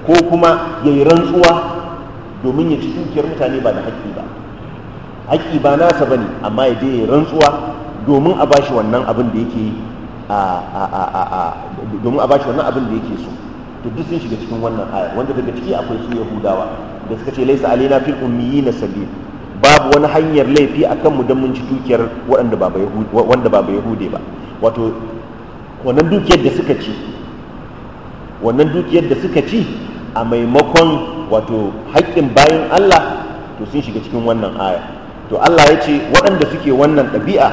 ko kuma ya yi rantsuwa domin ya ci dukiyar mutane ba da haƙƙi ba haƙƙi ba nasa bane amma ya je ya rantsuwa domin a bashi wannan abin da yake domin a bashi wannan abin da yake so to duk sun shiga cikin wannan aya wanda daga ciki akwai su yahudawa da suka ce laisa alaina fil ummiyin sabil babu wani hanyar laifi a kanmu don mun ci dukiyar waɗanda ba wanda ba ba yahudi ba wato wannan dukiyar da suka ci wannan dukiyar da suka ci a maimakon wato haƙƙin bayan Allah to sun shiga cikin wannan aya to Allah ya ce waɗanda suke wannan ɗabi'a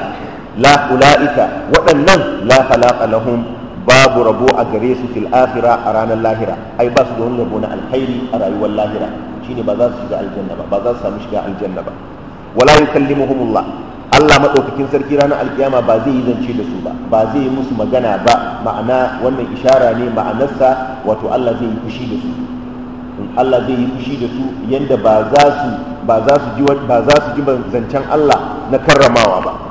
la ula'ika waɗannan la khalaqa lahum babu rabo a gare su fil akhira a ranar lahira ai ba su da wani rabo na alkhairi a rayuwar lahira shine ba za su shiga aljanna ba ba za su samu shiga aljanna ba wala yukallimuhumullah Allah madaukakin sarki ranar alkiyama ba zai yi zance da su ba ba zai yi musu magana ba ma'ana wannan ishara ne ma'anarsa wato Allah zai yi fushi da su Allah zai yi fushi da su yanda ba za su ba za su ji ba za su ji zancen Allah na karramawa ba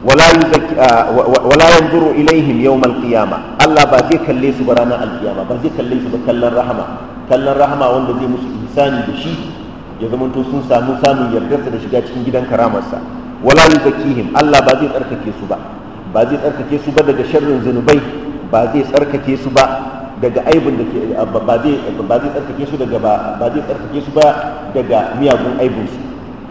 wala yin ah, yanzuru ilaihim yawmal qiyama Allah ba zai kalle su ba ranar alkiyama ba zai kalle su ba kallon rahama kallon rahama wanda zai musu ihsani da shi ya zamanto sun samu samun yardarsa da shiga cikin gidan karamarsa wala yin yuzakkihim Allah ba zai tsarkake su ba ba zai tsarkake su ba daga sharrin zunubai ba zai tsarkake su ba daga aibin da ke ba zai tsarkake su daga miyagun aibinsu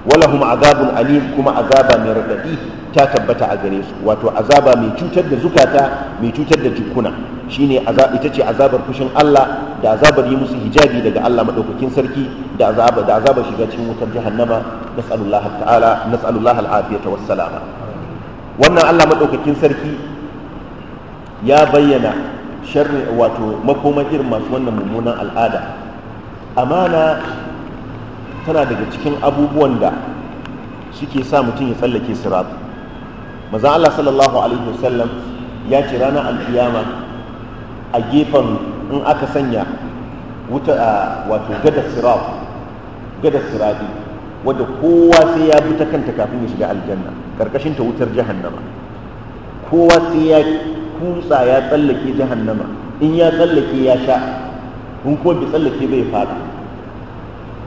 Walahuma azabin Ali kuma azaba mai raɗaɗi ta tabbata a gare su wato azaba mai cutar da zukata mai cutar da jikuna shine ita ce azabar kushin Allah da azabar yi musu hijabi daga Allah madaukakin sarki da azabar shiga cikin wutar jahannama nas'alullah ta'ala nas'alullah al'afiyata was salama wannan Allah maɗaukakin sarki ya bayyana sharri wato makoman irin masu wannan mummunan al'ada amana tana daga cikin abubuwan da suke sa mutum ya tsallake siratu maza Allah sallallahu alaihi wasallam ya ce ranar alkiyama a gefen in aka sanya wuta a wato gada sirat gadar sirati wadda kowa sai ya bi ta kanta kafin ya shiga aljanna karkashin ta wutar jahannama kowa sai ya kutsa ya tsallake jahannama in ya tsallake ya sha in kuma bai tsallake bai fada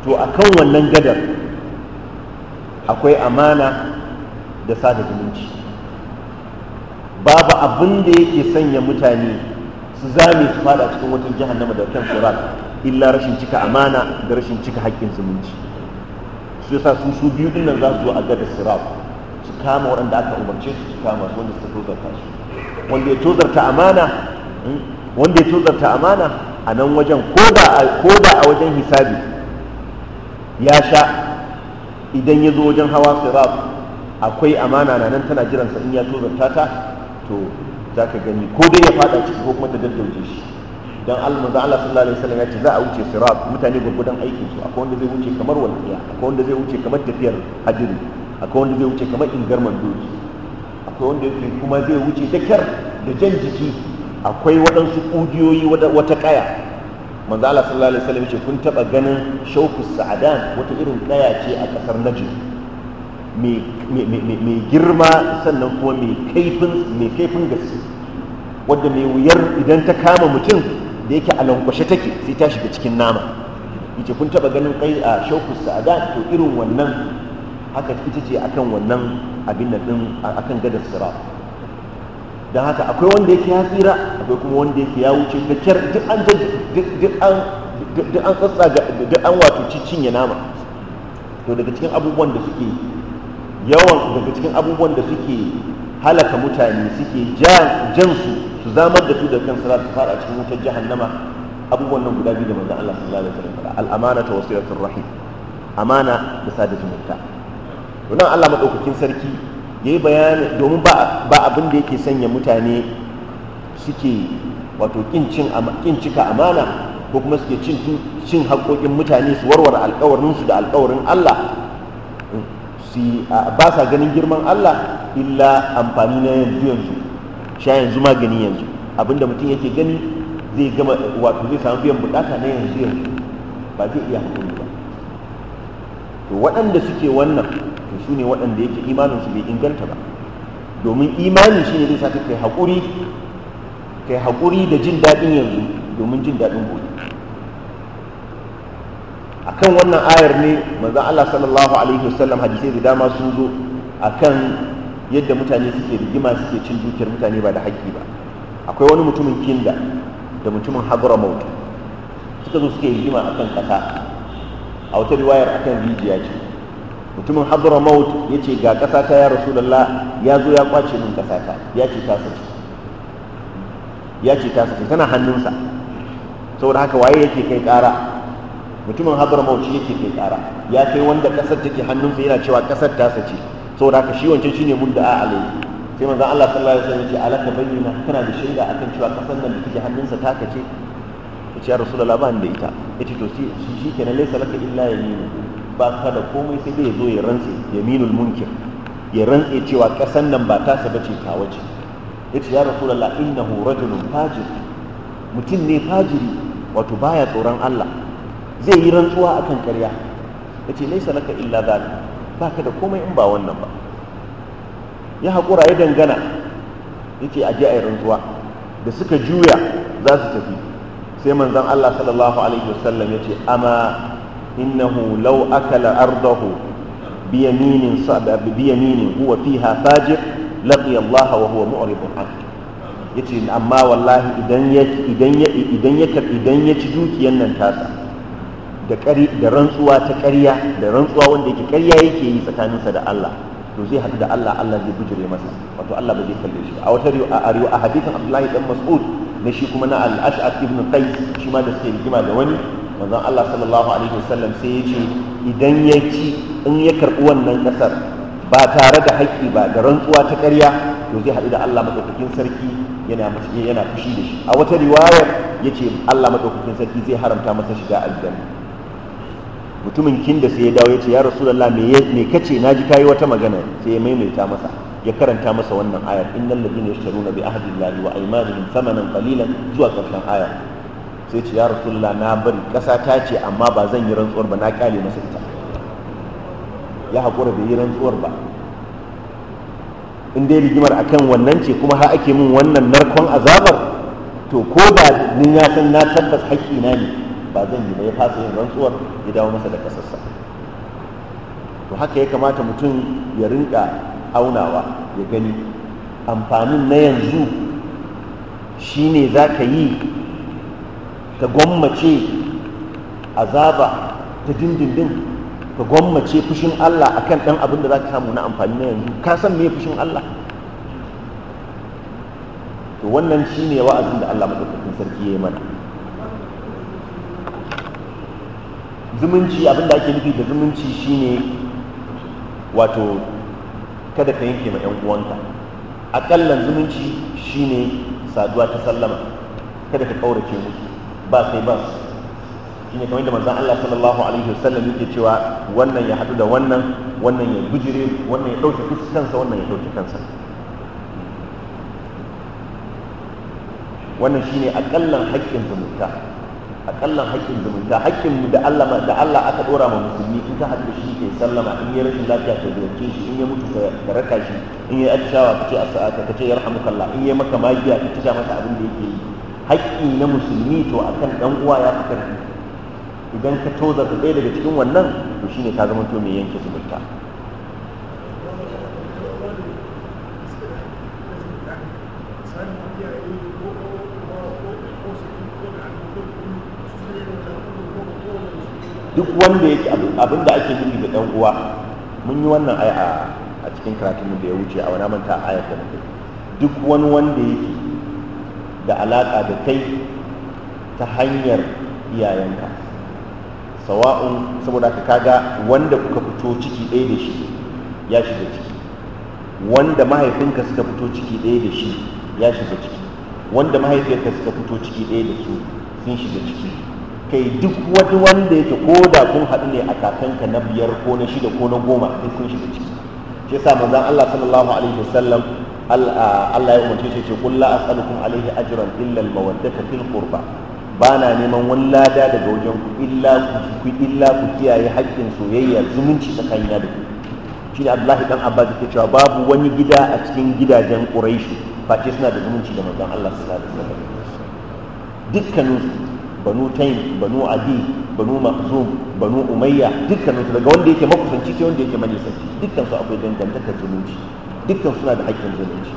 to a kan wannan gadar akwai amana da sada zumunci babu abin da yake sanya mutane su zame su fada cikin wajen jahannama da kan surat illa rashin cika amana da rashin cika haƙƙin zumunci su yasa su su biyu dinnan za su zo a gadar surat su kama waɗanda aka umarce su su kama su wanda tozarta su wanda ya tozarta amana hmm, wanda ya tozarta amana a nan wajen ko da a wajen hisabi ya sha idan ya zo wajen hawa sirat akwai amana na nan tana jiransa in ya tozarta ta to za ka gani ko dai ya fada ciki ko kuma ta daddauje shi don Allah da Allah sallallahu alaihi wasallam ya ce za a wuce sirat mutane gurgudan aikin su akwai wanda zai wuce kamar walqiya akwai wanda zai wuce kamar tafiyar hadiri akwai wanda zai wuce kamar ingarman doki akwai wanda zai kuma zai wuce da kyar da jan jiki akwai waɗansu ƙugiyoyi wata ƙaya manzo Allah sallallahu alaihi wasallam ce kun taba ganin shaukus sa'adan wata irin kaya ce a kasar Najd mai girma sannan kuma mai kaifin mai kaifin gaske wanda mai wuyar idan ta kama mutum da yake a lankwashe take sai ta shiga cikin nama yace kun taba ganin kai a shaukus sa'adan to irin wannan haka ita ce akan wannan abin nan din akan gadar sirat don haka akwai wanda yake ya tsira akwai kuma wanda yake ya wuce da kyar duk an duk an tsatsa duk an wato ya nama to daga cikin abubuwan da suke yawan daga cikin abubuwan da suke halaka mutane suke jan su su zamar da su da kan za su fara cikin wutar jahannama abubuwan nan guda biyu da manzon Allah sallallahu alaihi wasallam al-amana ta wasilatul rahim amana da sada zumunta to nan Allah madaukakin sarki ya yi domin ba abin da yake sanya mutane suke wato kin cika amana ko kuma suke cin haƙoƙin mutane su warware alƙawarinsu da alƙawarin Allah ba sa ganin girman Allah illa amfani na yanzu yanzu sha yanzu gani yanzu abinda mutum yake gani zai gama wato zai samu biyan bukata na yanzu yanzu ba zai iya haƙuri ba to waɗanda suke wannan to su ne waɗanda yake imaninsu bai inganta ba domin imani shi ne zai sa kai haƙuri kai haƙuri da jin daɗin yanzu domin jin daɗin gobe kan wannan ayar ne maza Allah sallallahu alaihi wasallam hadisai da dama sun zo a kan yadda mutane suke rigima suke cin dukiyar mutane ba da haƙƙi ba akwai wani mutumin kinda da mutumin mautu suka zo suke rigima kan ƙasa a wata riwayar akan rijiya ce mutumin hadura maut ya ce ga ƙasata ya rasulallah ya zo ya kwace min ƙasata ya ce ta sace ya ce ta sace tana hannunsa saboda haka waye yake kai ƙara mutumin hadura maut yake kai ƙara ya kai wanda ƙasar take hannunsa yana cewa ƙasar ta sace saboda haka shi wancan shine mun da a sai manzon Allah sallallahu alaihi wasallam ya ce alaka bayyana kana da shaida akan cewa ƙasar nan da take hannunsa ta kace ya ce ya rasulallah ba ni da ita ita to shi kenan laysa laka illa yaminu ba ka da komai sai dai ya zo ya rantse yaminul munkir ya rantse cewa kasan nan ba tasa ce ta waje yace ya rasulullah innahu rajulun fajir mutum ne fajiri wato baya tsoron Allah zai yi rantsuwa akan ƙarya yace laisa laka illa ba ka da komai in ba wannan ba ya haƙura ya dangana yace a ji a yi rantsuwa da suka juya za su tafi sai manzon Allah sallallahu alaihi wasallam yace ama إنه لو أكل أرضه بيمين صعب بيمين هو فيها فاجر لقي الله وهو معرض عنه yace amma wallahi idan ya idan dukiyar nan tasa da rantsuwa ta karya da rantsuwa wanda yake ƙarya yake yi tsakaninsa da Allah to zai haɗu da Allah Allah zai bujure masa wato Allah ba zai kalle shi a wata riwa a hadithin Abdullahi dan Mas'ud na shi kuma na Al-Ash'ab ibn Qais shi ma da suke rigima ga wani manzon Allah sallallahu alaihi wasallam sai ya ce idan ya ci in ya karɓi wannan ƙasar ba tare da haƙƙi ba da rantsuwa ta ƙarya to zai haɗu da Allah madaukakin sarki yana yana fushi da shi a wata riwayar yace Allah madaukakin sarki zai haramta masa shiga aljanna mutumin kin da sai ya dawo yace ya rasulullah me me kace naji kai wata magana sai ya maimaita masa ya karanta masa wannan ayar innal ladina yashtaruna bi ahdillahi wa aymanihim thamanan qalilan zuwa karshen ayar sai ce ya rasulullah na bari ƙasa ta ce amma ba zan yi rantsuwar ba na ƙyale masa ita ya haƙura bai yi rantsuwar ba in dai rigimar akan wannan ce kuma har ake min wannan narkon azabar to ko ba ni ya san na tabbas haƙƙi na ne ba zan yi ba ya fasa yin rantsuwar ya dawo masa da ƙasarsa to haka ya kamata mutum ya rinka aunawa ya gani amfanin na yanzu shine za ka yi ta gwammace azaba ta dindindin ka gwammace fushin Allah a kan ɗan abin da za ka samu na amfani na yanzu ka san me fushin Allah to wannan shine wa'azin da Allah madaukakin sarki ya yi mana zumunci abin da ake nufi da zumunci ne, wato kada ka yanke ma 'yan uwanka akallan zumunci ne saduwa ta sallama kada ka ƙaurace musu ba sai ba su shine kamar Allah sallallahu alaihi wasallam yake cewa wannan ya hadu da wannan wannan ya bujire wannan ya dauke kansa wannan ya dauke kansa wannan shine akallan haƙƙin zumunta akallan haƙƙin zumunta haƙƙin da Allah da Allah aka dora wa musulmi in ka hadu shi ke sallama in ya rashin lafiya ka ziyarce shi in ya mutu ka raka shi in ya atishawa ka ce a sa'a ka ce yarhamukallah in ya maka magiya ka tuka masa abin da yake yi haƙƙi na musulmi to a kan ɗan uwa ya fi ƙarfi idan ka toza ka ɗaya daga cikin wannan to shine ka zama to mai yanke zumunta duk wanda yake abin da ake nufi da ɗan uwa mun yi wannan aya a cikin karatunmu da ya wuce a wani manta a ayar da muke duk wani wanda yake da alaƙa da kai ta hanyar iyayenka sawa'un saboda ka kaga wanda kuka fito ciki ɗaya da shi ya shiga ciki wanda mahaifinka suka fito ciki ɗaya da shi ya shiga ciki wanda mahaifinka suka fito ciki ɗaya da su sun shiga ciki kai duk wani wanda yake ko da kun haɗu ne a kakanka na biyar ko na shida ko na goma sai sun shiga ciki shi yasa manzon Allah sallallahu alaihi wasallam Allah ya umarci shi ce kullu as'alukum alaihi ajran illa al-mawaddata fil qurba bana neman wani lada daga wajen ku illa ku illa ku kiyaye haƙƙin soyayya zumunci tsakanina da ku shine Abdullahi dan Abbas ke cewa babu wani gida a cikin gidajen Quraysh face suna da zumunci da manzon Allah sallallahu alaihi wasallam dukkanin banu taym banu adi banu mahzum banu umayya dukkanin su daga wanda yake makusanci sai wanda yake manisanci dukkan su akwai dangantakar zumunci dukkan suna da haƙƙin zumunci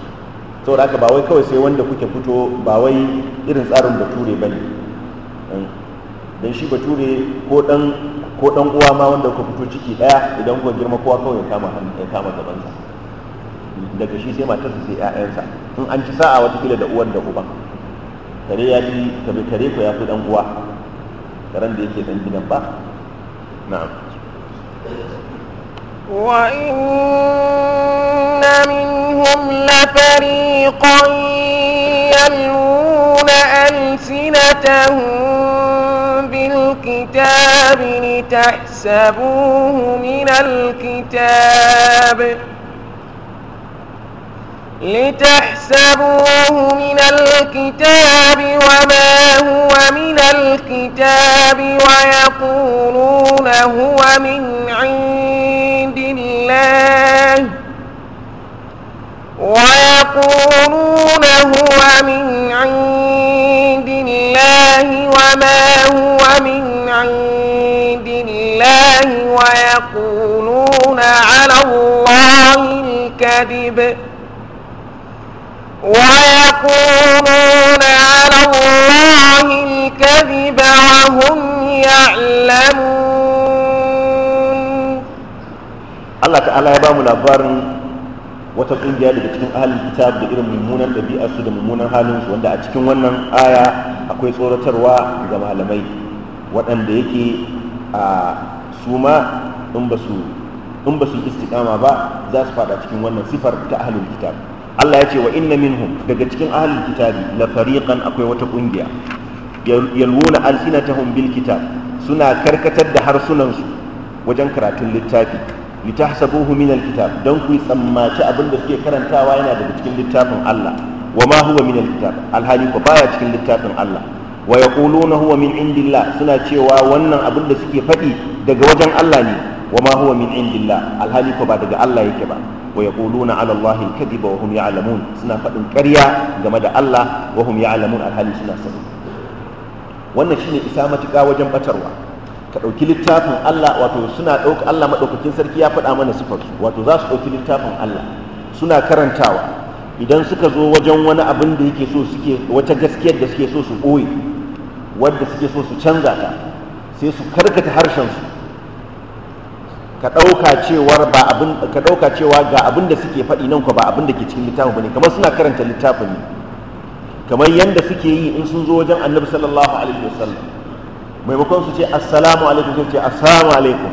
saboda haka ba wai kawai sai wanda kuke fito ba wai irin tsarin bature ba ne eh, don shi bature ko dan uwa ma wanda kuka fito ciki daya idan kuka girma kowa kawai ya kama gabansa daga shi sai matarsa sai 'ya'yansa in an ci sa'a wata kila da uwar da uban kare ya ji kare ko ya fi dan uwa karen da yake ɗan gidan ba na'am وإن منهم لفريقا يلون ألسنتهم بالكتاب لتحسبوه من الكتاب لتحسبوه من الكتاب وما هو من الكتاب يقولون على الله الكذب ويقولون على الله الكذب وهم يعلمون الله تعالى يا labarin wata kungiya daga cikin ahalin kitab da irin mummunan ɗabi'ar su da mummunan halin su wanda a cikin wannan aya akwai tsoratarwa ga malamai waɗanda yake a suma. in ba su ba istiqama ba za su fada cikin wannan sifar ta ahlul kitab Allah ya ce wa inna minhum daga cikin ahlul kitabi la fariqan akwai wata kungiya yalwuna alsinatahum bil kitab suna karkatar da harsunan su wajen karatun littafi litahsabuhu min kitab dan ku tsammaci abin da suke karantawa yana daga cikin littafin Allah wa ma huwa min alkitab alhali ko baya cikin littafin Allah wa yaquluna huwa min indillah suna cewa wannan abin da suke faɗi daga wajen Allah ne wa ma huwa min indillah alhali ko ba daga Allah yake ba wa yaquluna ala Allah wa hum ya'lamun suna faɗin ƙarya game da Allah wa hum ya'lamun alhali suna sani wannan shine isa matuƙa wajen batarwa ka ɗauki littafin Allah wato suna ɗauka Allah maɗaukakin sarki ya faɗa mana sifar su wato za su ɗauki littafin Allah suna karantawa idan suka zo wajen wani abin da yake so suke wata gaskiyar da suke so su ɓoye wadda suke so su canza ta sai su karkata harshen su ka ɗauka cewar ba abin ka ɗauka cewa ga abin da suke faɗi nan ko ba abin da ke cikin littafin bane kamar suna karanta littafin ne kamar yanda suke yi in sun zo wajen annabi sallallahu alaihi wasallam maimakon su ce assalamu alaikum sai ce assalamu alaikum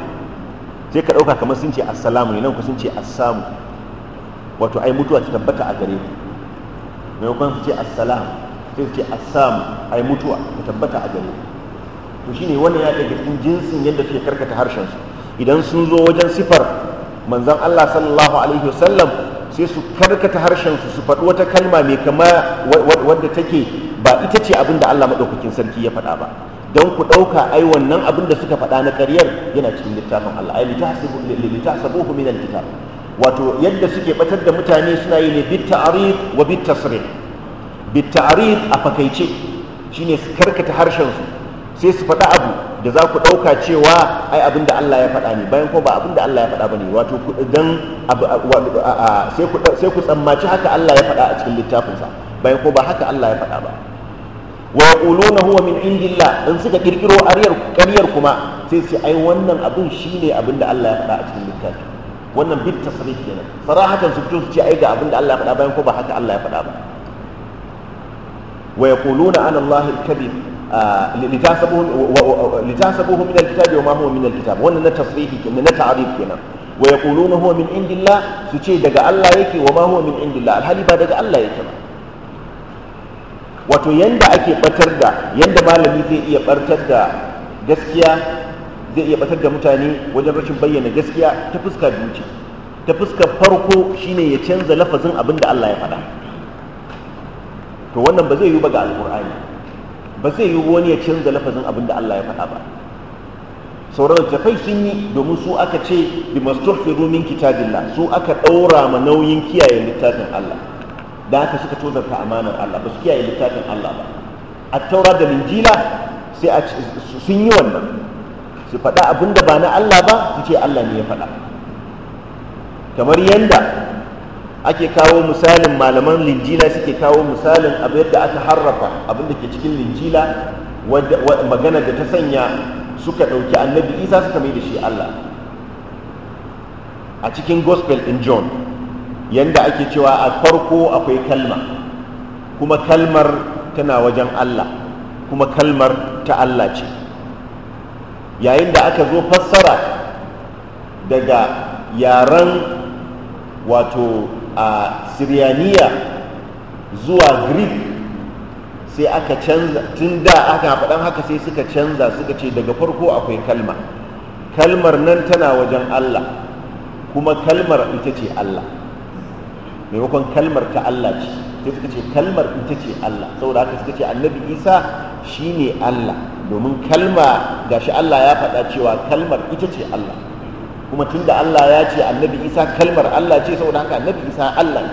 sai ka ɗauka kamar sun ce assalamu ne nan ku sun ce assamu wato ai mutuwa ta tabbata a gare ku maimakon su ce assalamu sai su ce assamu ai mutuwa ta tabbata a gare ku to shine wannan ya daga cikin jinsin yadda suke karkata harshen su idan sun zo wajen sifar manzon Allah sallallahu alaihi wasallam sai su karkata harshen su su faɗi wata kalma mai kama wadda take ba ita ce abin da Allah maɗaukakin sarki ya faɗa ba don ku ɗauka ai wannan abin da suka faɗa na ƙaryar yana cikin littafin Allah ai litahsabuhu min alkitab wato yadda suke batar da mutane suna yi ne bit ta'rid wa bit tasrih bit ta'rid a fakaice shine su karkata harshen su sai su faɗa abu da za ku ɗauka cewa ai abin da Allah ya faɗa ne bayan ko ba abin da Allah ya faɗa ba ne wato dan sai ku tsammaci haka Allah ya faɗa a cikin littafinsa bayan ko ba haka Allah ya faɗa ba wa na huwa min indillah in suka kirkiro ariyar ƙaryar kuma sai su ai wannan abin shine abin da Allah ya faɗa a cikin littafi wannan bil tasrif kenan sarahatan su fito su ce ai ga abin da Allah ya faɗa bayan ko ba haka Allah ya faɗa ba wa yaquluna ana Allah al-kadhib لتحسبوه من الكتاب وما هو من الكتاب وانا نتصريح كنا نتعريف كنا ويقولون هو من عند الله سوچي دغا الله yake وما هو من عند الله الحالي ba daga Allah yake ba wato yanda ake batar da yanda malami zai iya bartar da gaskiya zai iya batar da mutane wajen rashin bayyana gaskiya ta fuska biyu ta fuskar farko shine ya canza lafazin abin da Allah ya faɗa to wannan ba zai yi ba ga alkur'ani ba zai yi wani ya canza lafazin abin da Allah ya faɗa ba sauran tafai sun yi domin su aka ce bi mastuhfiru min kitabillah su aka ɗaura ma nauyin kiyaye littafin Allah da aka suka tozarta amanar Allah ba su kiyaye littafin Allah ba a taura da linjila sai sun yi wannan su faɗa abin da ba na Allah ba su ce Allah ne ya faɗa kamar yanda ake kawo misalin malaman linjila suke kawo misalin abu yadda aka harrafa abin da ke cikin linjila magana da ta sanya suka ɗauki annabi isa suka mai da shi allah a cikin gospel in john yanda ake cewa a farko akwai kalma kuma kalmar tana wajen allah kuma kalmar ta allah ce yayin da aka zo fassara daga yaren wato a Siriyaniya zuwa greek sai aka canza tun da aka faɗan haka sai suka canza suka ce daga farko akwai kalma kalmar nan tana wajen allah kuma kalmar ita ce allah maimakon kalmar ta allah ce sai suka ce kalmar ita ce allah saboda haka suka ce annabi isa shine allah domin kalma shi allah ya faɗa cewa kalmar ita ce allah kuma tun da Allah ya ce annabi Isa kalmar Allah ce saboda haka annabi Isa Allah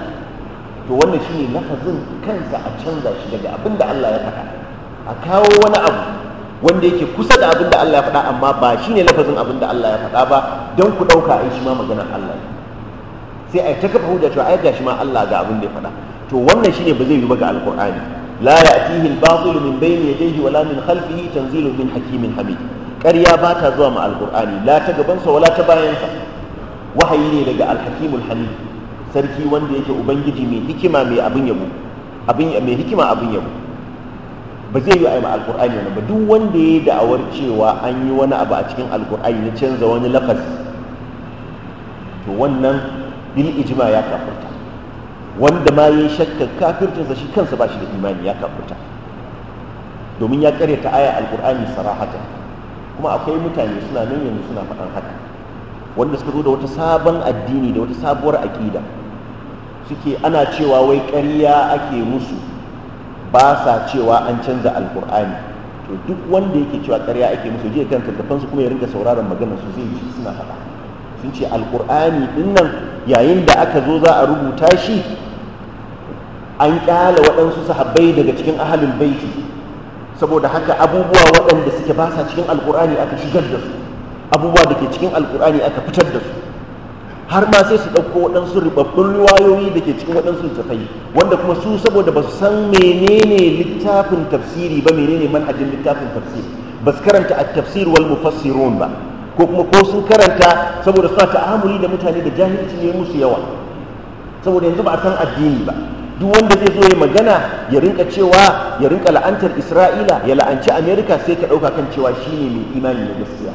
to wannan shine lafazin kansa a canza shi daga abin da Allah ya faɗa a kawo wani abu wanda yake kusa da abin da Allah ya faɗa amma ba shine lafazin abin da Allah ya faɗa ba don ku ɗauka a shi ma maganar Allah Sai sai ai ta kafa hujja to ai gashi ma Allah ga abin da ya faɗa to wannan shine ba zai yi ba ga alqur'ani la ya'tihi al-batil min bayni yadayhi wala min khalfihi tanzilun min hakimin hamid ƙarya ba ta zuwa ma alƙur'ani la ta gabansa wala ta bayansa wahayi ne daga alhakimul halim sarki wanda yake ubangiji mai hikima mai abin yabo abin mai hikima abin yabo ba zai yi a alƙur'ani wani ba duk wanda ya yi da'awar cewa an yi wani abu a cikin alƙur'ani na canza wani lafaz to wannan bil ijma ya kafirta wanda ma shakka shakkar kafircinsa shi kansa ba shi da imani ya kafirta domin ya karyata aya alƙur'ani sarahatan kuma akwai mutane suna nan yanzu suna faɗan haka wanda suka zo da wata sabon addini da wata sabuwar aƙida suke ana cewa wai ƙarya ake musu ba sa cewa an canza alkur'ani to duk wanda yake cewa ƙarya ake musu je kan tattafansu kuma ya ringa sauraron maganar su zai ji suna faɗa sun ce alkur'ani din yayin da aka zo za a rubuta shi an ƙyala waɗansu sahabbai daga cikin ahalin baiti saboda haka abubuwa waɗanda suke basa sa cikin alkur'ani aka shigar da su abubuwa da ke cikin alkur'ani aka fitar da su har ma sai su ɗauko waɗansu ribabbun riwayoyi da ke cikin waɗansu tafai wanda kuma su saboda ba su san menene littafin tafsiri ba menene manhajin littafin tafsir ba su karanta a tafsir wal mufassirun ba ko kuma ko sun karanta saboda suna ta'amuli da mutane da jahilci ne musu yawa saboda yanzu ba a san addini ba duk wanda zai zo ya magana ya rinka cewa ya rinka la'antar isra'ila ya la'anci amerika sai ka ɗauka kan cewa shi ne mai imani na gaskiya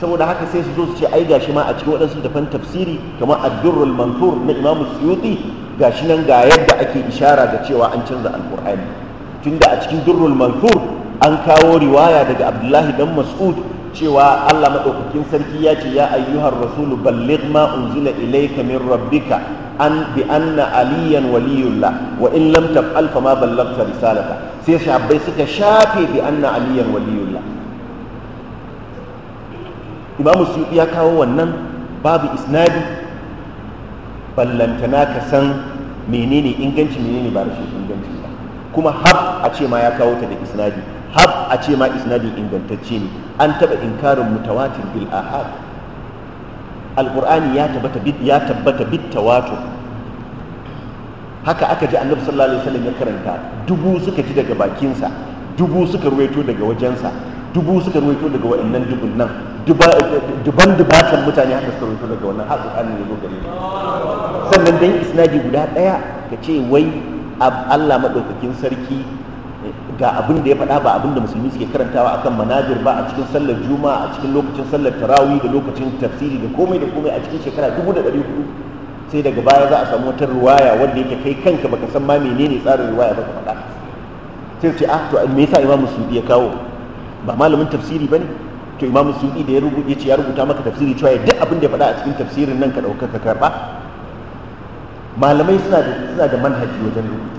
saboda haka sai su zo su ce ai gashi ma a cikin waɗansu tafan tafsiri kamar addurrul mansur na imamu suyuti gashi nan ga yadda ake ishara da cewa an canza alƙur'ani tunda a cikin durrul mansur an kawo riwaya daga abdullahi dan mas'ud cewa allah maɗaukakin sarki ya ce ya ayyuhar rasulu balligh ma unzila ilayka min rabbika an bi anna aliyan waliyullah wa in lam taf'al fa ma ballagta risalata sai sahabbai suka shafe bi anna aliyan waliyullah imamu suyuti ya kawo wannan babu isnadi ballantana ka san menene inganci menene ba rashin inganci ba kuma hab a ce ma ya kawo ta da isnadi hab a ce ma isnadin ingantacce ne an taba inkarin mutawatir bil ahad Alkur'ani ya tabbata ya tabbata haka aka ji annabi sallallahu alaihi wasallam ya karanta dubu suka ji daga bakinsa dubu suka ruwaito daga wajensa dubu suka ruwaito daga wa'annan dubun nan duban dubatan mutane haka suka ruwaito daga wannan har qur'ani ya zo gare sannan dai isnadi guda daya ka ce wai Allah madaukakin sarki ga abin da ya faɗa ba abin da musulmi suke karantawa akan manajir ba a cikin sallar juma'a a cikin lokacin sallar tarawih da lokacin tafsiri da komai da komai a cikin shekara dubu da ɗari hudu sai daga baya za a samu wata ruwaya wanda yake kai kanka baka san ma menene tsarin ruwaya ba ka faɗa sai ce ah to me yasa imamu sufi ya kawo ba malamin tafsiri bane to imamu sufi da ya rubuta ya rubuta maka tafsiri cewa ya duk abin da ya faɗa a cikin tafsirin nan ka ɗauka ka karɓa malamai suna da manhaji wajen rubutu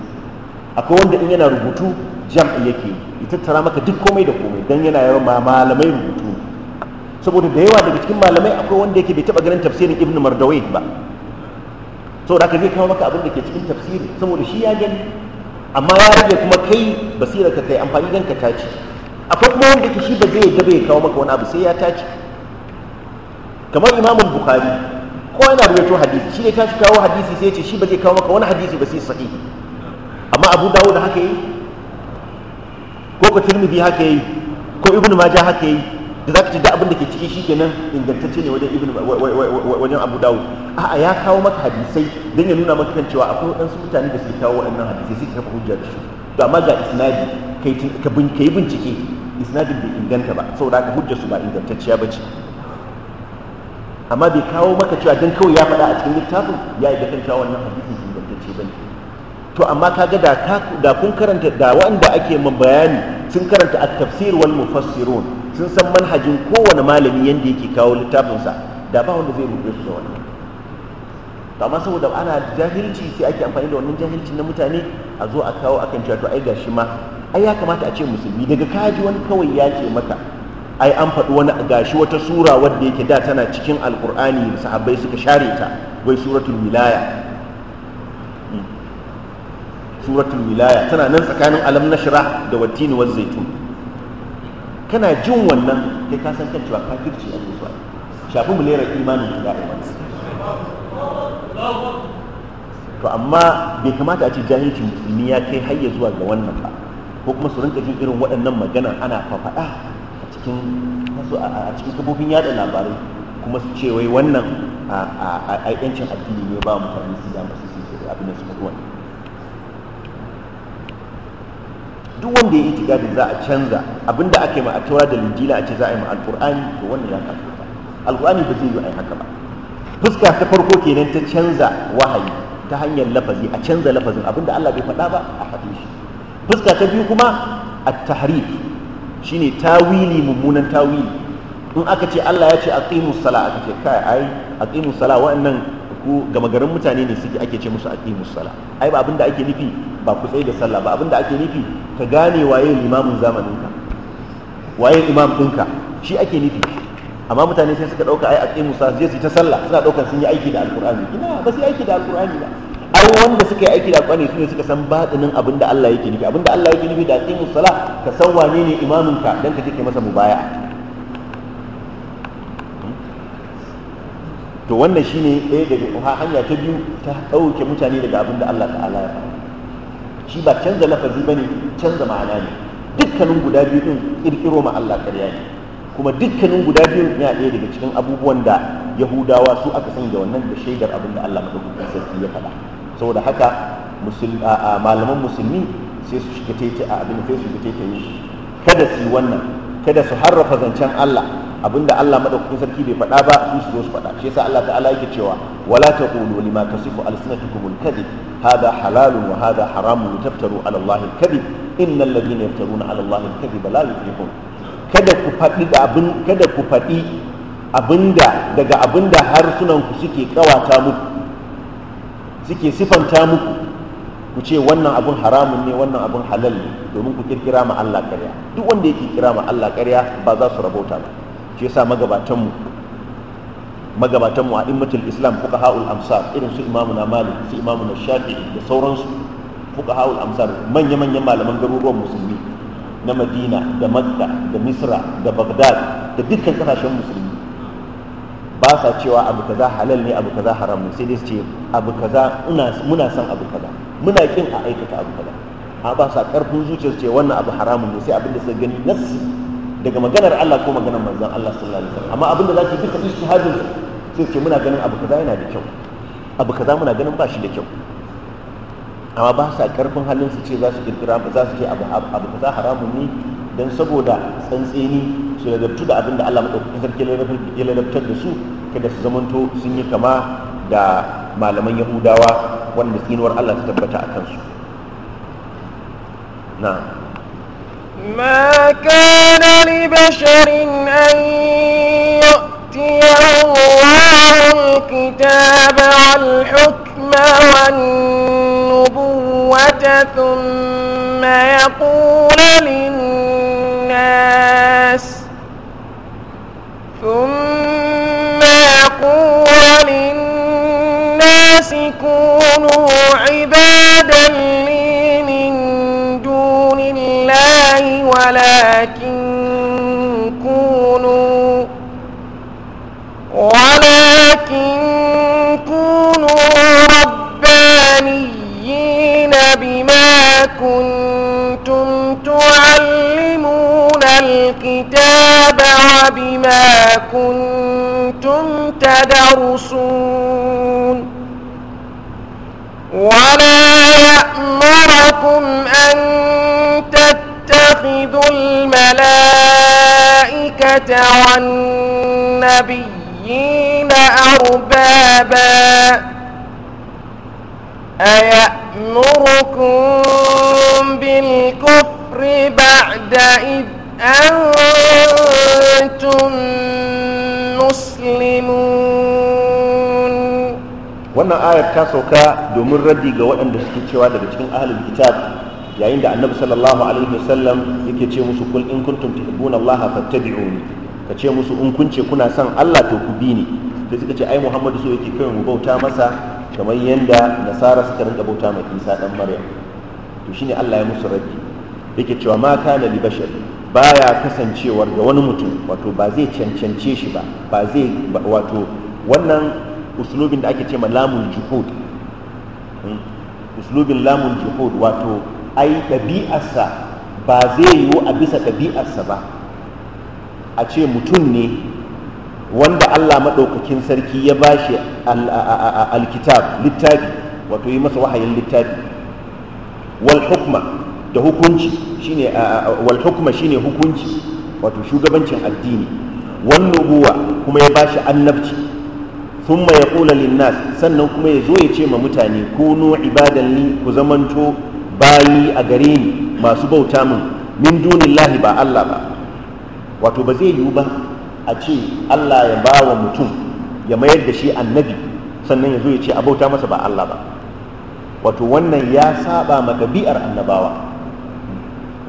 akwai wanda in yana rubutu jam'i yake ya tattara maka duk komai da komai don yana yawan malamai rubutu saboda da yawa daga cikin malamai akwai wanda yake bai taba ganin tafsirin ibn mardawai ba saboda haka zai kawo maka abin da ke cikin tafsiri saboda shi ya gani amma ya rage kuma kai basira ka kai amfani dan ka tace akwai kuma wanda yake shi ba zai yadda bai kawo maka wani abu sai ya tace kamar imamun bukhari ko yana rubuto hadisi shi ne tashi kawo hadisi sai ya ce shi ba zai kawo maka wani hadisi ba sai sahihi amma abu dawo da haka yi ko ko tirmidhi haka yi ko ibnu Maja haka yi da za ka ce da abin da ke ciki shikenan ingantacce ne wajen ibnu wajen abu dawo. a'a ya kawo maka hadisai dan ya nuna maka kan cewa akwai wadansu mutane da suke kawo waɗannan hadisai suke kafa hujja da shi to amma ga isnadi kai ka yi bincike isnadin bai inganta ba saboda ka hujja su ba ingantacciya ba ce amma bai kawo maka cewa dan kawai ya faɗa a cikin littafin ya yi da kan cewa wannan hadisin to amma kaga da da kun karanta da wanda ake man bayani sun karanta at-tafsir wal mufassirun sun san manhajin kowane malami yanda yake kawo littafin sa da ba wanda zai rubuta da wannan to amma saboda ana jahilci sai ake amfani da wannan jahilcin na mutane a zo a kawo akan cewa to ai gashi ma ai ya kamata a ce musulmi daga kaji wani kawai ya ce maka ai an faɗi wani gashi wata sura wadda yake da tana cikin alkur'ani sahabbai suka share ta wai suratul wilaya suratul wilaya tana nan tsakanin alam nashrah da wattini wa zaitun kana jin wannan kai ka san kan cewa kafirci a zuwa shafi mu lera imanin da to amma bai kamata a ce jahilci musulmi ya kai hayya zuwa ga wannan ba ko kuma su rinka jin irin waɗannan magana ana fafaɗa a cikin a cikin kafofin yada labarai kuma su ce wai wannan a yancin addini ne ba mutane su da masu su abin da su wannan duk wanda ya itigadin za a canza abinda ake ma a da linjila a ce za a yi ma alƙur'ani to wannan ya kafa alƙur'ani ba zai yi ai haka ba fuska ta farko kenan ta canza wahayi ta hanyar lafazi a canza lafazin abinda Allah bai faɗa ba a haɗe shi fuska ta biyu kuma at-tahrif shine tawili mummunan tawili in aka ce Allah ya ce tsimu sala aka ce kai ai tsimu sala wa'annan ku gama garin mutane ne suke ake ce musu a tsimu sala ai ba abinda ake nufi ba ku da sallah ba abinda ake nufi ka gane waye limamin ka, waye imam ɗinka shi ake nufi amma mutane sai suka ɗauka ai aqimu sa zai su ta sallah suna ɗaukar sun yi aiki da alqur'ani ina ba su aiki da alqur'ani ba ai wanda suka yi aiki da alqur'ani sune suka san batinin abin da Allah yake nufi abin da Allah yake nufi da aqimu salah ka san wane ne imamin ka dan ka take masa mubaya to wannan shine ɗaya daga hanya ta biyu ta ɗauke mutane daga abin da Allah ta'ala ya faɗa shi ba canza lafazi ba ne canza ma'ana ne dukkanin guda biyu din kirkiro ma Allah karya ne kuma dukkanin guda biyu yana ɗaya daga cikin abubuwan da yahudawa su aka sani da wannan da shaidar abin da Allah madaukakin sarki ya faɗa saboda haka malaman musulmi sai su shiga taita a abin sai su shiga taita kada su yi wannan kada su harrafa zancen Allah abinda Allah madaukakin sarki bai faɗa ba su su su faɗa shi yasa Allah ta'ala yake cewa wala taqulu lima tasifu alsinatukum alkadhib hada halalun wa hada haramun taftaru ala Allah alkadhib innal ladhina yaftaruna ala Allah alkadhib la yuflihun kada ku faɗi da abin kada ku faɗi abinda daga abinda harsunan ku suke kawata muku suke sifanta muku ku ce wannan abun haramun ne wannan abun halal ne domin ku kirkira ma Allah ƙarya duk wanda yake kira ma Allah ƙarya ba za su rabauta ba shi yasa magabatanmu magabatanmu a immatul islam fuka ha'ul amsar irin su imamuna na malik su imamuna na shafi'i da sauransu fuka ha'ul amsar manya-manyan malaman garuruwan musulmi na madina da makka da misra da bagdad da dukkan kasashen musulmi ba sa cewa abu kaza halal ne abu kaza haram ne sai dai su ce abu kaza muna son abu kaza muna kin a aikata abu kaza a ba sa karfin zuciya su ce wannan abu haramun ne sai abin da suka gani nassi daga maganar Allah ko maganar manzon Allah sallallahu alaihi wasallam amma abinda zaki duka ijtihadin sai ce muna ganin abu kaza yana da kyau abu kaza muna ganin ba shi da kyau amma ba sa karfin halin su ce za su kirkira ba za su ce abu abu kaza haramun ne dan saboda tsantseni su ladabtu da abinda Allah madaukakin sarki ya ladabtar da su kada su zamanto sun yi kama da malaman Yahudawa wanda tsinuwar Allah ta tabbata a kansu na'am ما كان لبشر أن يأتيه الله الكتاب والحكم والنبوة ثم يقول لي ولكن كونوا ولكن كونوا ربانيين بما كنتم تعلمون الكتاب وبما كنتم تدرسون ولا يأمركم أن يتخذ الملائكة والنبيين أربابا أيأمركم بالكفر بعد إذ أنتم مسلمون وانا آية كاسوكا دومر ردي قوة اندسكي تشوادة بشكل أهل الكتاب yayin da annabi sallallahu alaihi wasallam yake ce musu kul in kuntum tuhibbuna allaha fattabi'uni ka ce musu in kun ce kuna son Allah to ku bi ni sai suka ce ai Muhammadu so yake kai mu bauta masa kamar yanda nasara suka rinka bauta ma Isa dan Maryam to shine Allah ya musu raddi yake cewa ma kana li bashar baya kasancewar ga wani mutum wato ba zai cancance shi ba ba zai wato wannan uslubin da ake ce ma lamun juhud hmm, uslubin lamun juhud wato ai ɗabi'arsa ba zai yiwu a bisa ɗabi'arsa ba a ce mutum ne wanda Allah maɗaukakin sarki ya ba shi alkitab littafi wato yi masa wahayin littafi wal hukuma da hukunci shine hukunci wato shugabancin addini Wannan ruwa kuma ya ba bashi annabci Sun ya kula linnas sannan kuma ya zo ya ce ma mutane kuno ibadan ku zamanto bayi a gare ni masu bauta min min dunillahi ba Allah ba wato ba zai yiwu ba a ce Allah ya ba wa mutum ya mayar da shi annabi sannan ya zo ya ce a bauta masa ba Allah ba wato wannan ya saba ma ɗabi'ar annabawa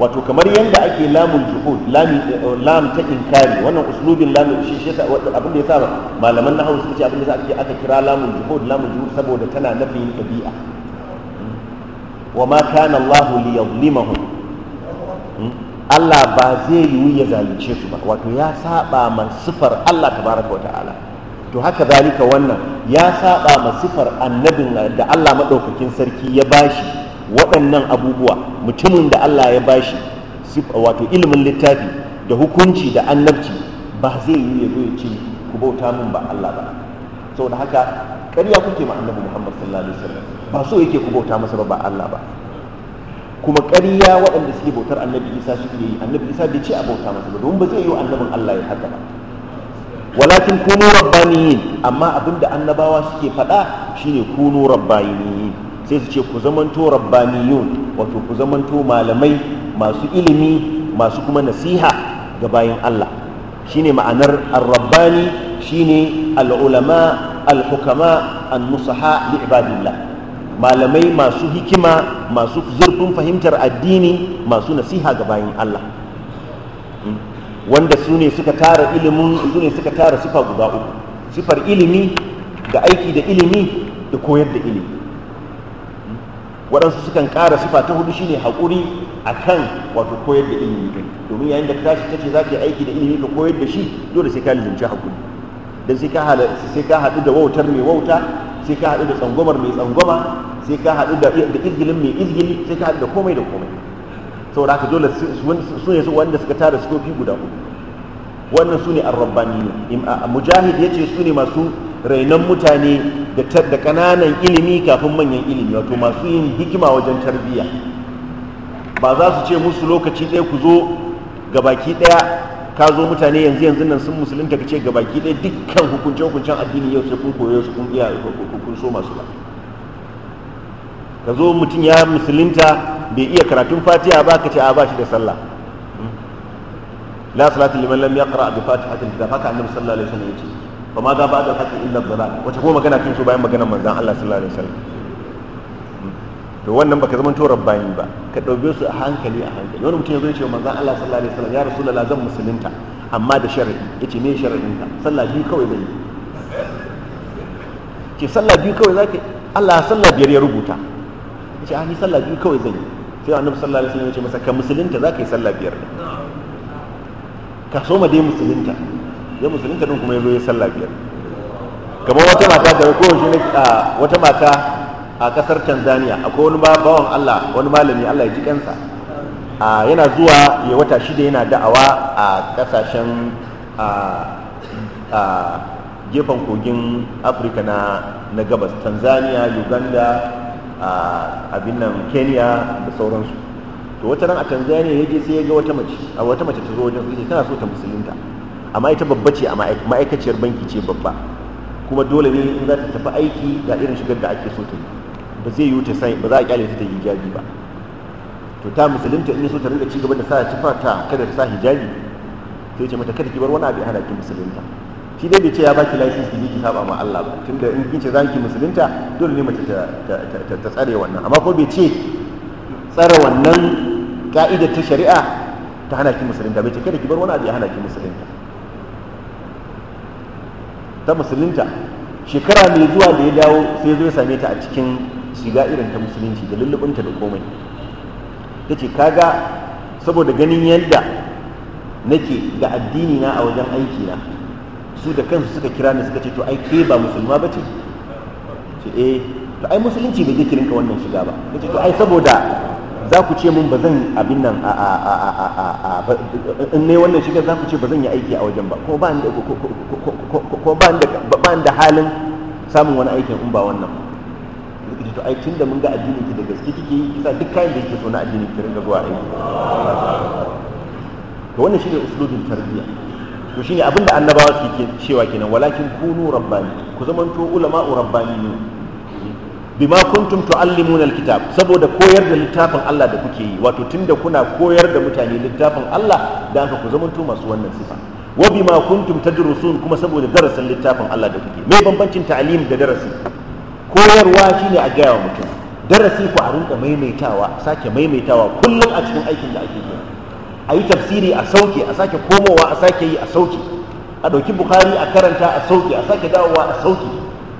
wato kamar yadda ake lamun juhud lam ta inkari wannan uslubin lamun shi shi abin da ya saba malaman na hausa ce abin da aka kira lamun juhud lamun juhud saboda tana nafin ɗabi'a wa ma kana Allah li yuzlimahum hmm? Allah ba zai yi ya zalunce su ba wato ya saba man sifar Allah tabaraka wa ta'ala to haka zalika wannan ya saba man sifar annabin da Allah madaukakin sarki ya bashi waɗannan abubuwa mutumin da Allah ya bashi wato ilimin littafi da hukunci da annabci ba zai yi ya zo ya ku bauta min ba Allah ba saboda haka ƙarya kuke ma annabi Muhammad sallallahu alaihi wasallam ba so yake ku bauta masa ba ba Allah ba kuma ƙarya waɗanda suke bautar annabi isa suke yi annabi isa bai ce a bauta masa ba domin ba zai yi annabin Allah ya haka ba walakin kunu rabbaniyin amma abinda annabawa suke faɗa shine kunu rabbaniyin sai su ce ku zamanto rabbaniyun wato ku zamanto malamai masu ilimi masu kuma nasiha ga bayan Allah shine ma'anar ar-rabbani shine al-ulama al-hukama an-nusaha li ibadillah malamai masu hikima masu zurfin fahimtar addini masu nasiha ga bayan Allah hmm? wanda su ne suka tara ilimin su ne suka tara sifa guda uku sifar ilimi da aiki da ilimi da koyar da ilimi hmm? waɗansu sukan ƙara sifa ta hudu shine haƙuri a kan wato koyar da ilimi ɗin domin yayin da tashi ta ce za ka yi aiki da ilimi ka koyar da shi dole sai ka lizinci haƙuri don sai ka haɗu da wautar mai wauta sai ka haɗu da tsangwamar mai tsangwama sai ka haɗu da izgilin mai izgili sai ka haɗu da komai da komai saboda haka dole su ne wanda suka tara sukofi guda uku wannan su ne arrabbani mujahid ya ce su ne masu rainon mutane da kananan ilimi kafin manyan ilimi wato masu yin hikima wajen tarbiyya ba za su ce musu lokaci ɗaya ku zo ga baki ɗaya ka zo mutane yanzu yanzu nan sun musulunta ka ce ga baki ɗaya dukkan hukuncen hukuncen addini yau sai kun koyo su kun iya kun so masu ba ka zo mutum ya musulunta bai iya karatun fatiha ba ka ce a ba shi da sallah la salatu liman lam yaqra bi fatihatil da haka annabi sallallahu alaihi wasallam yace fa ma da ba da haqqi illa dhalal wace kuma magana kin so bayan maganar manzon Allah sallallahu alaihi wasallam to wannan baka zama to rabbani ba ka dauke su a hankali a hankali wani mutum ya zo ya ce manzon Allah sallallahu alaihi wasallam ya rasulullahi zan musulunta amma da sharadi yace me sharadin ka sallah biyu kawai zai Ke sallah biyu kawai zaka Allah sallah biyar ya rubuta ce a ah, ni sallah biyu kawai zan yi sai annabi sallallahu alaihi wasallam ya ce masa ka musulunta za ka yi sallah biyar ka soma dai musulunta ya musulunta din kuma ya zo ya sallah biyar kamar wata mata da ko shi wata mata a kasar Tanzania akwai wani bawan Allah wani malami Allah ya ji kansa yana zuwa ya wata shida yana da'awa a kasashen a gefen kogin afirka na gabas tanzania uganda a abin nan kenya da sauransu to wata ran a tanzania ya je sai ya ga wata mace a wata mace ta zo wajen sai tana so ta musulunta amma ita babba ce a ma'aikaciyar banki ce babba kuma dole ne in za ta tafi aiki ga irin shigar da ake so ta yi ba zai yi ta sai ba za a kyale ta ta yi hijabi ba to ta musulunta in so ta rinka ci gaba da sa ta fata kada ta sa hijabi sai ce mata kada ki bar wani abu hana ki musulunta shi dai bai ce ya baki laifin ki ki saba ma Allah ba tunda in kin ce za ki musulunta dole ne mace ta tsare wannan amma ko bai ce tsare wannan ka'ida ta shari'a ta hana ki musulunta bai ce kada ki bar wani abu ya hana ki musulunta ta musulunta shekara mai zuwa da ya dawo sai zo ya same ta a cikin shiga irin ta musulunci da lullubinta da komai ta ce kaga saboda ganin yadda nake ga addini na a wajen aiki na su da kansu suka kira ni suka ce to ai ke ba musulma ba ce ce eh to ai musulunci bai zai ka wannan shiga ba ce to ai saboda za ku ce mun ba zan abin nan a a a a a a in ne wannan shiga za ku ce ba zan yi aiki a wajen ba ko ba ni da ko ba ni da ba ni da halin samun wani aikin in ba wannan ba to ai tun da mun ga addinin ki da gaske kike yi kisa duk kayan da kike so na addinin ki ringa zuwa aiki to wannan shine usulubin tarbiyya to shine abin da annabawa ke cewa kenan walakin kunu rabbani ku ulama u rabbani ne bima kuntum tuallimuna alkitab saboda koyar da littafin Allah da kuke yi wato tunda kuna koyar da mutane littafin Allah dan ku to masu wannan sifa wa bima kuntum tadrusun kuma saboda darasin littafin Allah da kuke me bambancin ta'lim da darasi koyarwa shine a gaya wa mutum darasi ku a rinka maimaitawa sake maimaitawa kullum a cikin aikin da ake yi a yi tafsiri a sauke a sake komowa a sake yi a sauke a ɗauki bukari a karanta a sauke a sake dawowa a sauke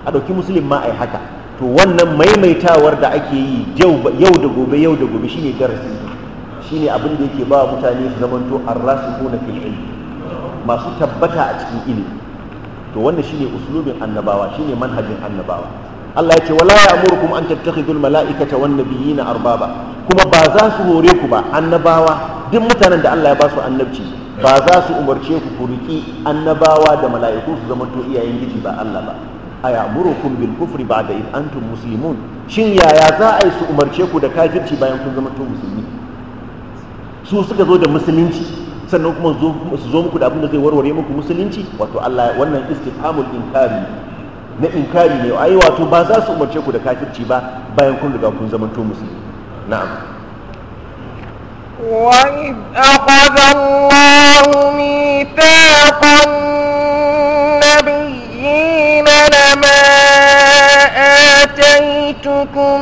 a ɗauki musulun ma a yi haka to wannan maimaitawar da ake yi yau da gobe yau da gobe shine darasi shine abin da yake ba mutane su zamanto arrasikuna fil ilmi masu tabbata a cikin ilimi to wannan shine uslubin annabawa shine manhajin annabawa Allah ya ce wala ya ya'murukum an tattakhidul mala'ikata wan na arbaba kuma ba za su hore ku ba annabawa duk mutanen da Allah ya ba su annabci ba za su umarce ku ku annabawa da mala'iku su zama to iyayen giji ba Allah ba ayamurukum bil kufri ba da antum muslimun shin yaya za a yi su umarce ku da kafirci bayan kun zama to musulmi su suka zo da musulunci sannan kuma su zo muku da abin da zai warware muku musulunci wato Allah wannan istifhamul inkari na inkari ne ai wato ba za su umarce ku da kafirci ba bayan kun riga kun zama to musulmi na'am wa idza qadha Allahu mithaqan nabiyyin lama ataytukum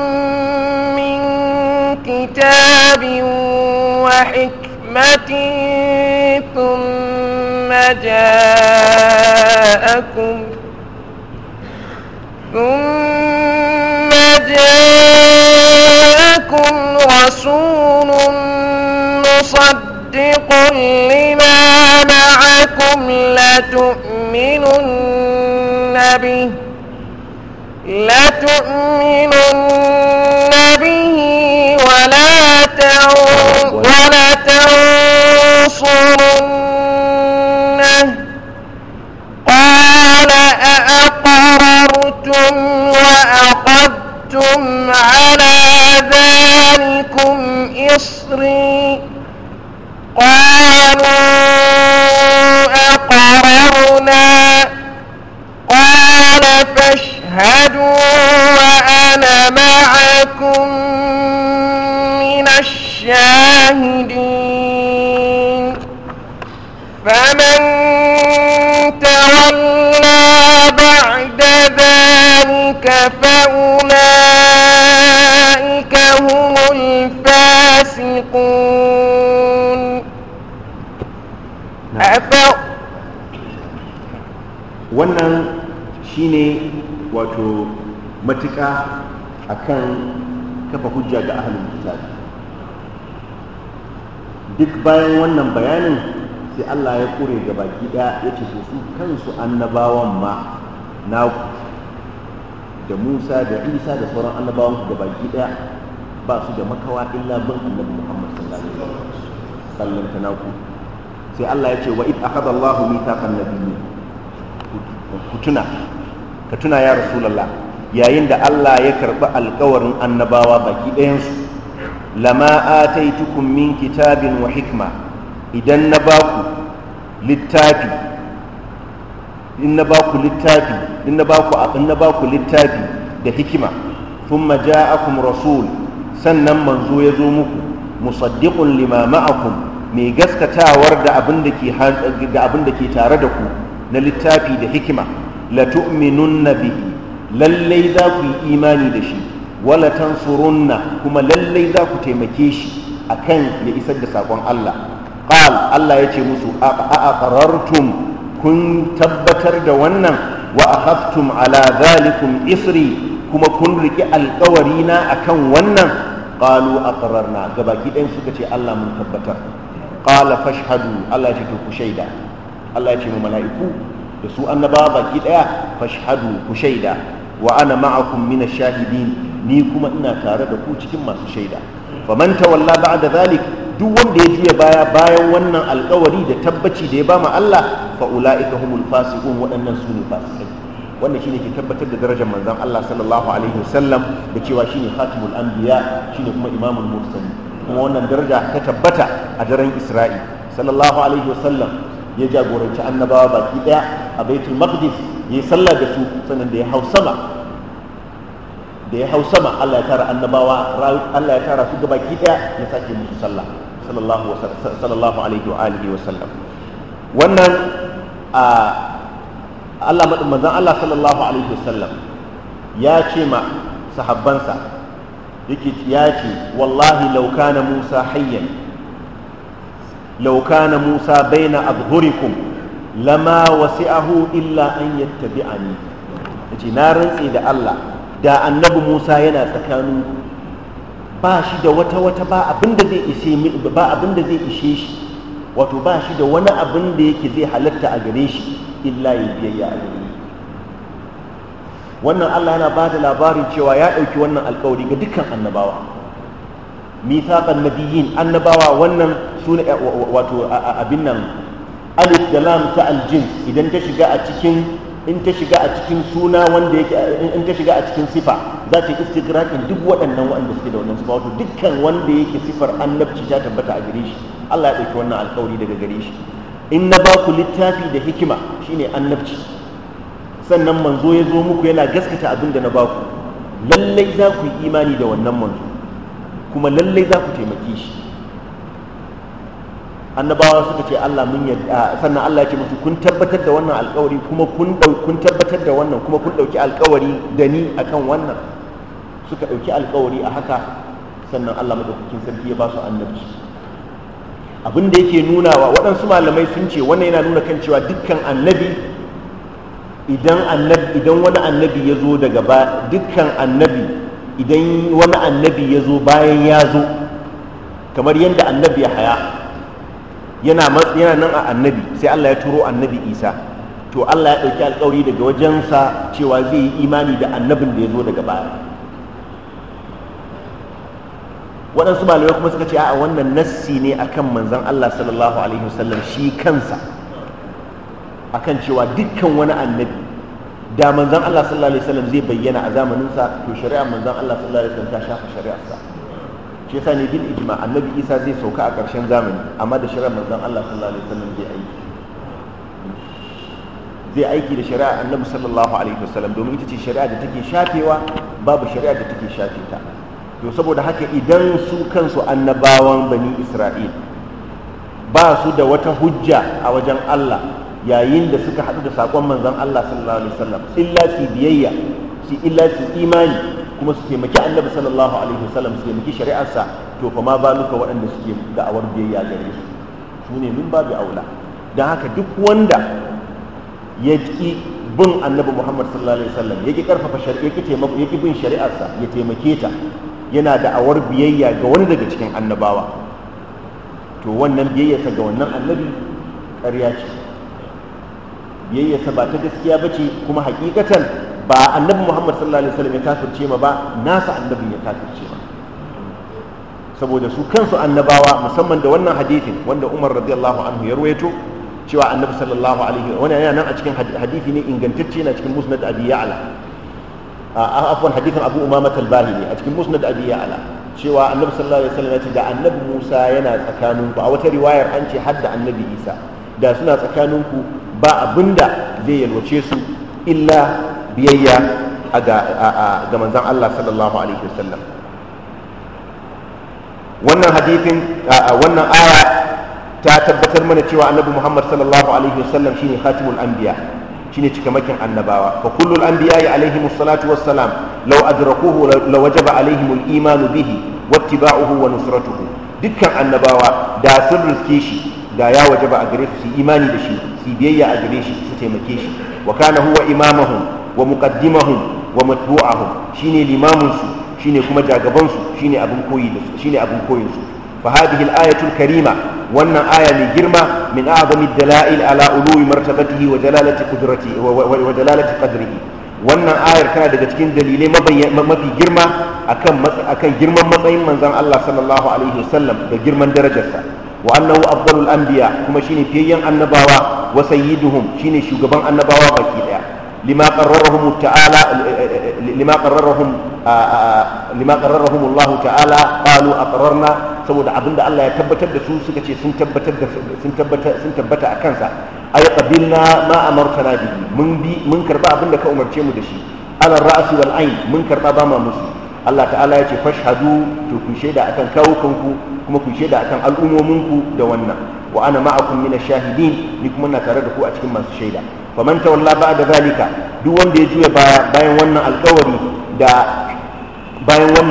min kitabin wa hikmatin ثم جاءكم ثم جاءكم رسول مصدق لما معكم لتؤمنن به لتؤمنن به ولا تنصرن كفرتم وأخذتم على ذلكم إصري قالوا أقررنا قال فاشهدوا وأنا معكم فأولئك هم الفاسقون wannan shine wato matuƙa akan kafa hujja ga ahalin kitab duk bayan wannan bayanin sai Allah ya kure gaba gida ɗaya ya ce su kansu annabawan ma na da Musa da Isa da sauran annabawan gaba baki daya ba su da makawa illa bin annabi Muhammad sallallahu alaihi wasallam ta naku sai Allah ya ce wa id akhadha Allahu mithaqan nabiyyin ku tuna ka tuna ya rasulullah yayin da Allah ya karba alkawarin annabawa baki ɗayansu. su lama ataitukum min kitabin wa hikma idan na baku littafi in na baku littafi in na baku in na baku littafi da hikima thumma ja'akum rasul sannan manzo ya zo muku musaddiqun lima ma'akum mai gaskatawar da abin da ke da abin da ke tare da ku na littafi da hikima la tu'minunna bihi lallai za ku yi imani da shi wala tansurunna kuma lallai za ku taimake shi akan ya isar da sakon Allah qal Allah ya ce musu a aqarartum kun tabbatar da wannan wa akhaftum ala zalikum isri kuma kun riki alkawari na akan wannan qalu aqrarna Gaba ɗayan suka ce Allah mun tabbatar qala fashhadu Allah ya ce ku shaida Allah ya ce mu mala'iku da su annabawa baki ɗaya fashhadu ku shaida wa ana ma'akum min ash-shahidin ni kuma ina tare da ku cikin masu shaida faman tawalla ba'da zalik duk wanda ya juya baya bayan wannan alkawari da tabbaci da ya ba ma Allah fa ulaika humul fasiqun waɗannan su ne fasikai wannan shine ke tabbatar da darajar manzon Allah sallallahu alaihi wasallam da cewa shine khatimul anbiya shine kuma imamul mursalin kuma wannan daraja ta tabbata a daren Isra'i sallallahu alaihi wasallam ya jagoranci annabawa baki daya a baitul maqdis yayi sallah da su sannan da ya hau sama da ya hau sama Allah ya tara annabawa Allah ya tara su gabaki daya ya sake musu sallah sallallahu alaihi wa alihi wa sallam wannan Allah manzon Allah sallallahu alaihi wa sallam ya ce ma sahabbansa yake ya ce wallahi law kana Musa hayyan law kana Musa baina adhhurikum lama wasi'ahu illa an yattabi'ani ce na rantse da Allah da annabi Musa yana tsakaninku ba shi da wata wata ba abin da zai ishe ba zai ishe shi wato ba shi da wani abin da yake zai halatta a gare shi illa ya biyayya a gare wannan Allah yana ba da labarin cewa ya ɗauki wannan alkawari ga dukkan annabawa mithaqan nabiyyin annabawa wannan sune wato abin nan alif da lam ta aljin idan ta shiga a cikin in ta shiga a cikin suna wanda yake in ta shiga a cikin sifa za ta istigraqin duk waɗannan waɗanda suke da wannan sifa wato dukkan wanda yake sifar annabci ta tabbata a gare shi Allah ya ɗauki wannan alƙawari daga gare shi in na ba ku littafi da hikima shine annabci sannan manzo ya zo muku yana gaskata abin da na ba ku lallai za ku yi imani da wannan manzo kuma lallai za ku taimake shi annabawa suka ce Allah mun yadda sannan Allah ya ce mutu kun tabbatar da wannan alkawari kuma kun kun tabbatar da wannan kuma kun dauki alkawari da ni akan wannan suka dauki alkawari a haka sannan Allah madaukakin sarki ya ba su annabci abin da yake nunawa waɗansu malamai sun ce wannan yana nuna kan cewa dukkan annabi idan annabi idan wani annabi ya zo daga ba dukkan annabi idan wani annabi ya zo bayan ya zo kamar yadda annabi ya haya yana yana nan a annabi sai Allah ya turo annabi Isa to Allah ya ɗauki alƙawari daga wajensa cewa zai yi imani da annabin da ya zo daga baya waɗansu malamai kuma suka ce a wannan nassi ne akan manzon Allah sallallahu alaihi wasallam shi kansa akan cewa dukkan wani annabi da manzon Allah sallallahu alaihi wasallam zai bayyana a zamaninsa to shari'a manzon Allah sallallahu alaihi wasallam ta shafa shari'arsa shi yasa ne bil ijma annabi isa zai sauka a ƙarshen zamani amma da shari'ar manzon Allah sallallahu alaihi wasallam zai aiki zai aiki da shari'a annabi sallallahu alaihi wasallam domin ita ce shari'a da take shafewa babu shari'a da take shafe ta to saboda haka idan su kansu annabawan bani isra'il ba su da wata hujja a wajen Allah yayin da suka haɗu da saƙon manzon Allah sallallahu alaihi wasallam illa su biyayya su illa su imani kuma su taimaki annabi sallallahu alaihi wasallam su taimaki shari'arsa to fa ma luka waɗanda suke da'awar biyayya gare su su ne min babu aula don haka duk wanda ya ki bin annabi muhammad sallallahu alaihi wasallam ya ki karfafa shari'a ya ki bin shari'arsa ya taimake ta yana da awar biyayya ga wani daga cikin annabawa to wannan biyayyarsa ga wannan annabi ƙarya ce biyayyarsa ba ta gaskiya ba ce kuma hakikatan ba annabi muhammad sallallahu alaihi wasallam ya kafirce ma ba nasa annabin ya kafirce ma saboda su kansu annabawa musamman da wannan hadithin wanda umar radiyallahu anhu ya ruwaito cewa annabi sallallahu alaihi wani yana nan a cikin hadithi ne ingantacce na cikin musnad abi ya'la a afwan hadithin abu umama talbahi ne a cikin musnad abi ya'la cewa annabi sallallahu alaihi wasallam ya ce da annabi musa yana tsakanin ku a wata riwayar an ce har da annabi isa da suna tsakanin ku ba abinda zai yalwace su illa biyayya ga manzan Allah sallallahu alaihi wasallam wannan hadithin wannan aya ta tabbatar mana cewa annabi Muhammad sallallahu alaihi wasallam shine khatimul anbiya shine cikamakin annabawa fa kullul anbiya alaihi musallatu wassalam law adrakuhu law wajaba alaihim al-iman bihi wattiba'uhu wa nusratuhu dukkan annabawa da sun riske shi da ya wajaba a gare su su imani da shi su biyayya a gare shi su taimake shi wa kana huwa imamahum wa muqaddimahum wa matbu'ahum shine limamin su shine kuma jagaban su shine abin koyi da su shine abin koyin su fa hadhihi al-ayatu al-karima wannan aya mai girma min a'zami dalail ala ului martabatihi wa jalalati qudrati wa qadrihi wannan ayar tana daga cikin dalilai mafi girma akan akan girman matsayin manzon Allah sallallahu alaihi wasallam da girman darajarsa wa annahu afdalul anbiya kuma shine fiyayyen annabawa wa sayyiduhum shine shugaban annabawa baki daya لما قررهم تعالى لما قررهم لما قررهم الله تعالى قالوا saboda abin da Allah ya tabbatar da su suka ce sun tabbatar da sun tabbata sun tabbata a kansa ay qabilna ma amartana bi mun bi mun karba abin da ka umarce mu da shi ala ra'si wal ayn mun karba ba ma musu Allah ta'ala ya ce fashhadu to ku shaida akan kawukanku kuma ku shaida akan al'umominku da wannan wa ana ma'akum min ash-shahidin ni kuma na tare da ku a cikin masu shaida fa man tawalla ba'da zalika duk wanda ya juya baya bayan wannan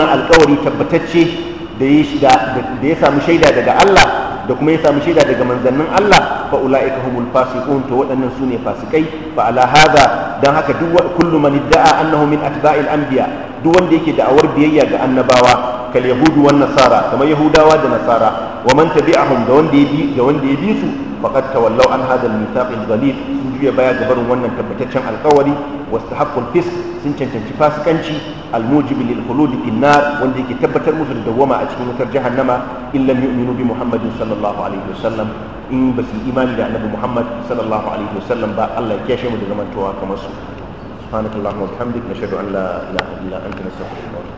alkawari tabbatacce da ya da samu shaida daga Allah da kuma ya samu shaida daga manzannin Allah fa ulaika humul fasiqun to waɗannan sune fasikai fa ala hada dan haka duk kullu man idda'a annahu min atba'il anbiya duk wanda yake da'awar biyayya ga annabawa kal yahudu wan nasara kamar yahudawa da nasara wa man tabi'ahum da wanda ya bi da wanda ya bi su faqad tawallaw an hadha al-mithaq al-ghalid sun juya baya ga barin wannan tabbataccen alƙawari wastahaqqu al-fisq sun cancanci fasikanci al-mujib lil khulud fi an-nar wanda yake tabbatar musu da dawama a cikin wutar jahannama illa yu'minu bi muhammadin sallallahu alaihi wasallam in ba su imani da annabi muhammad sallallahu alaihi wasallam ba Allah ya kiyashe mu da zamantowa kamar su subhanakallahumma wa bihamdika nashhadu an la ilaha illa anta nastaghfiruka wa natubu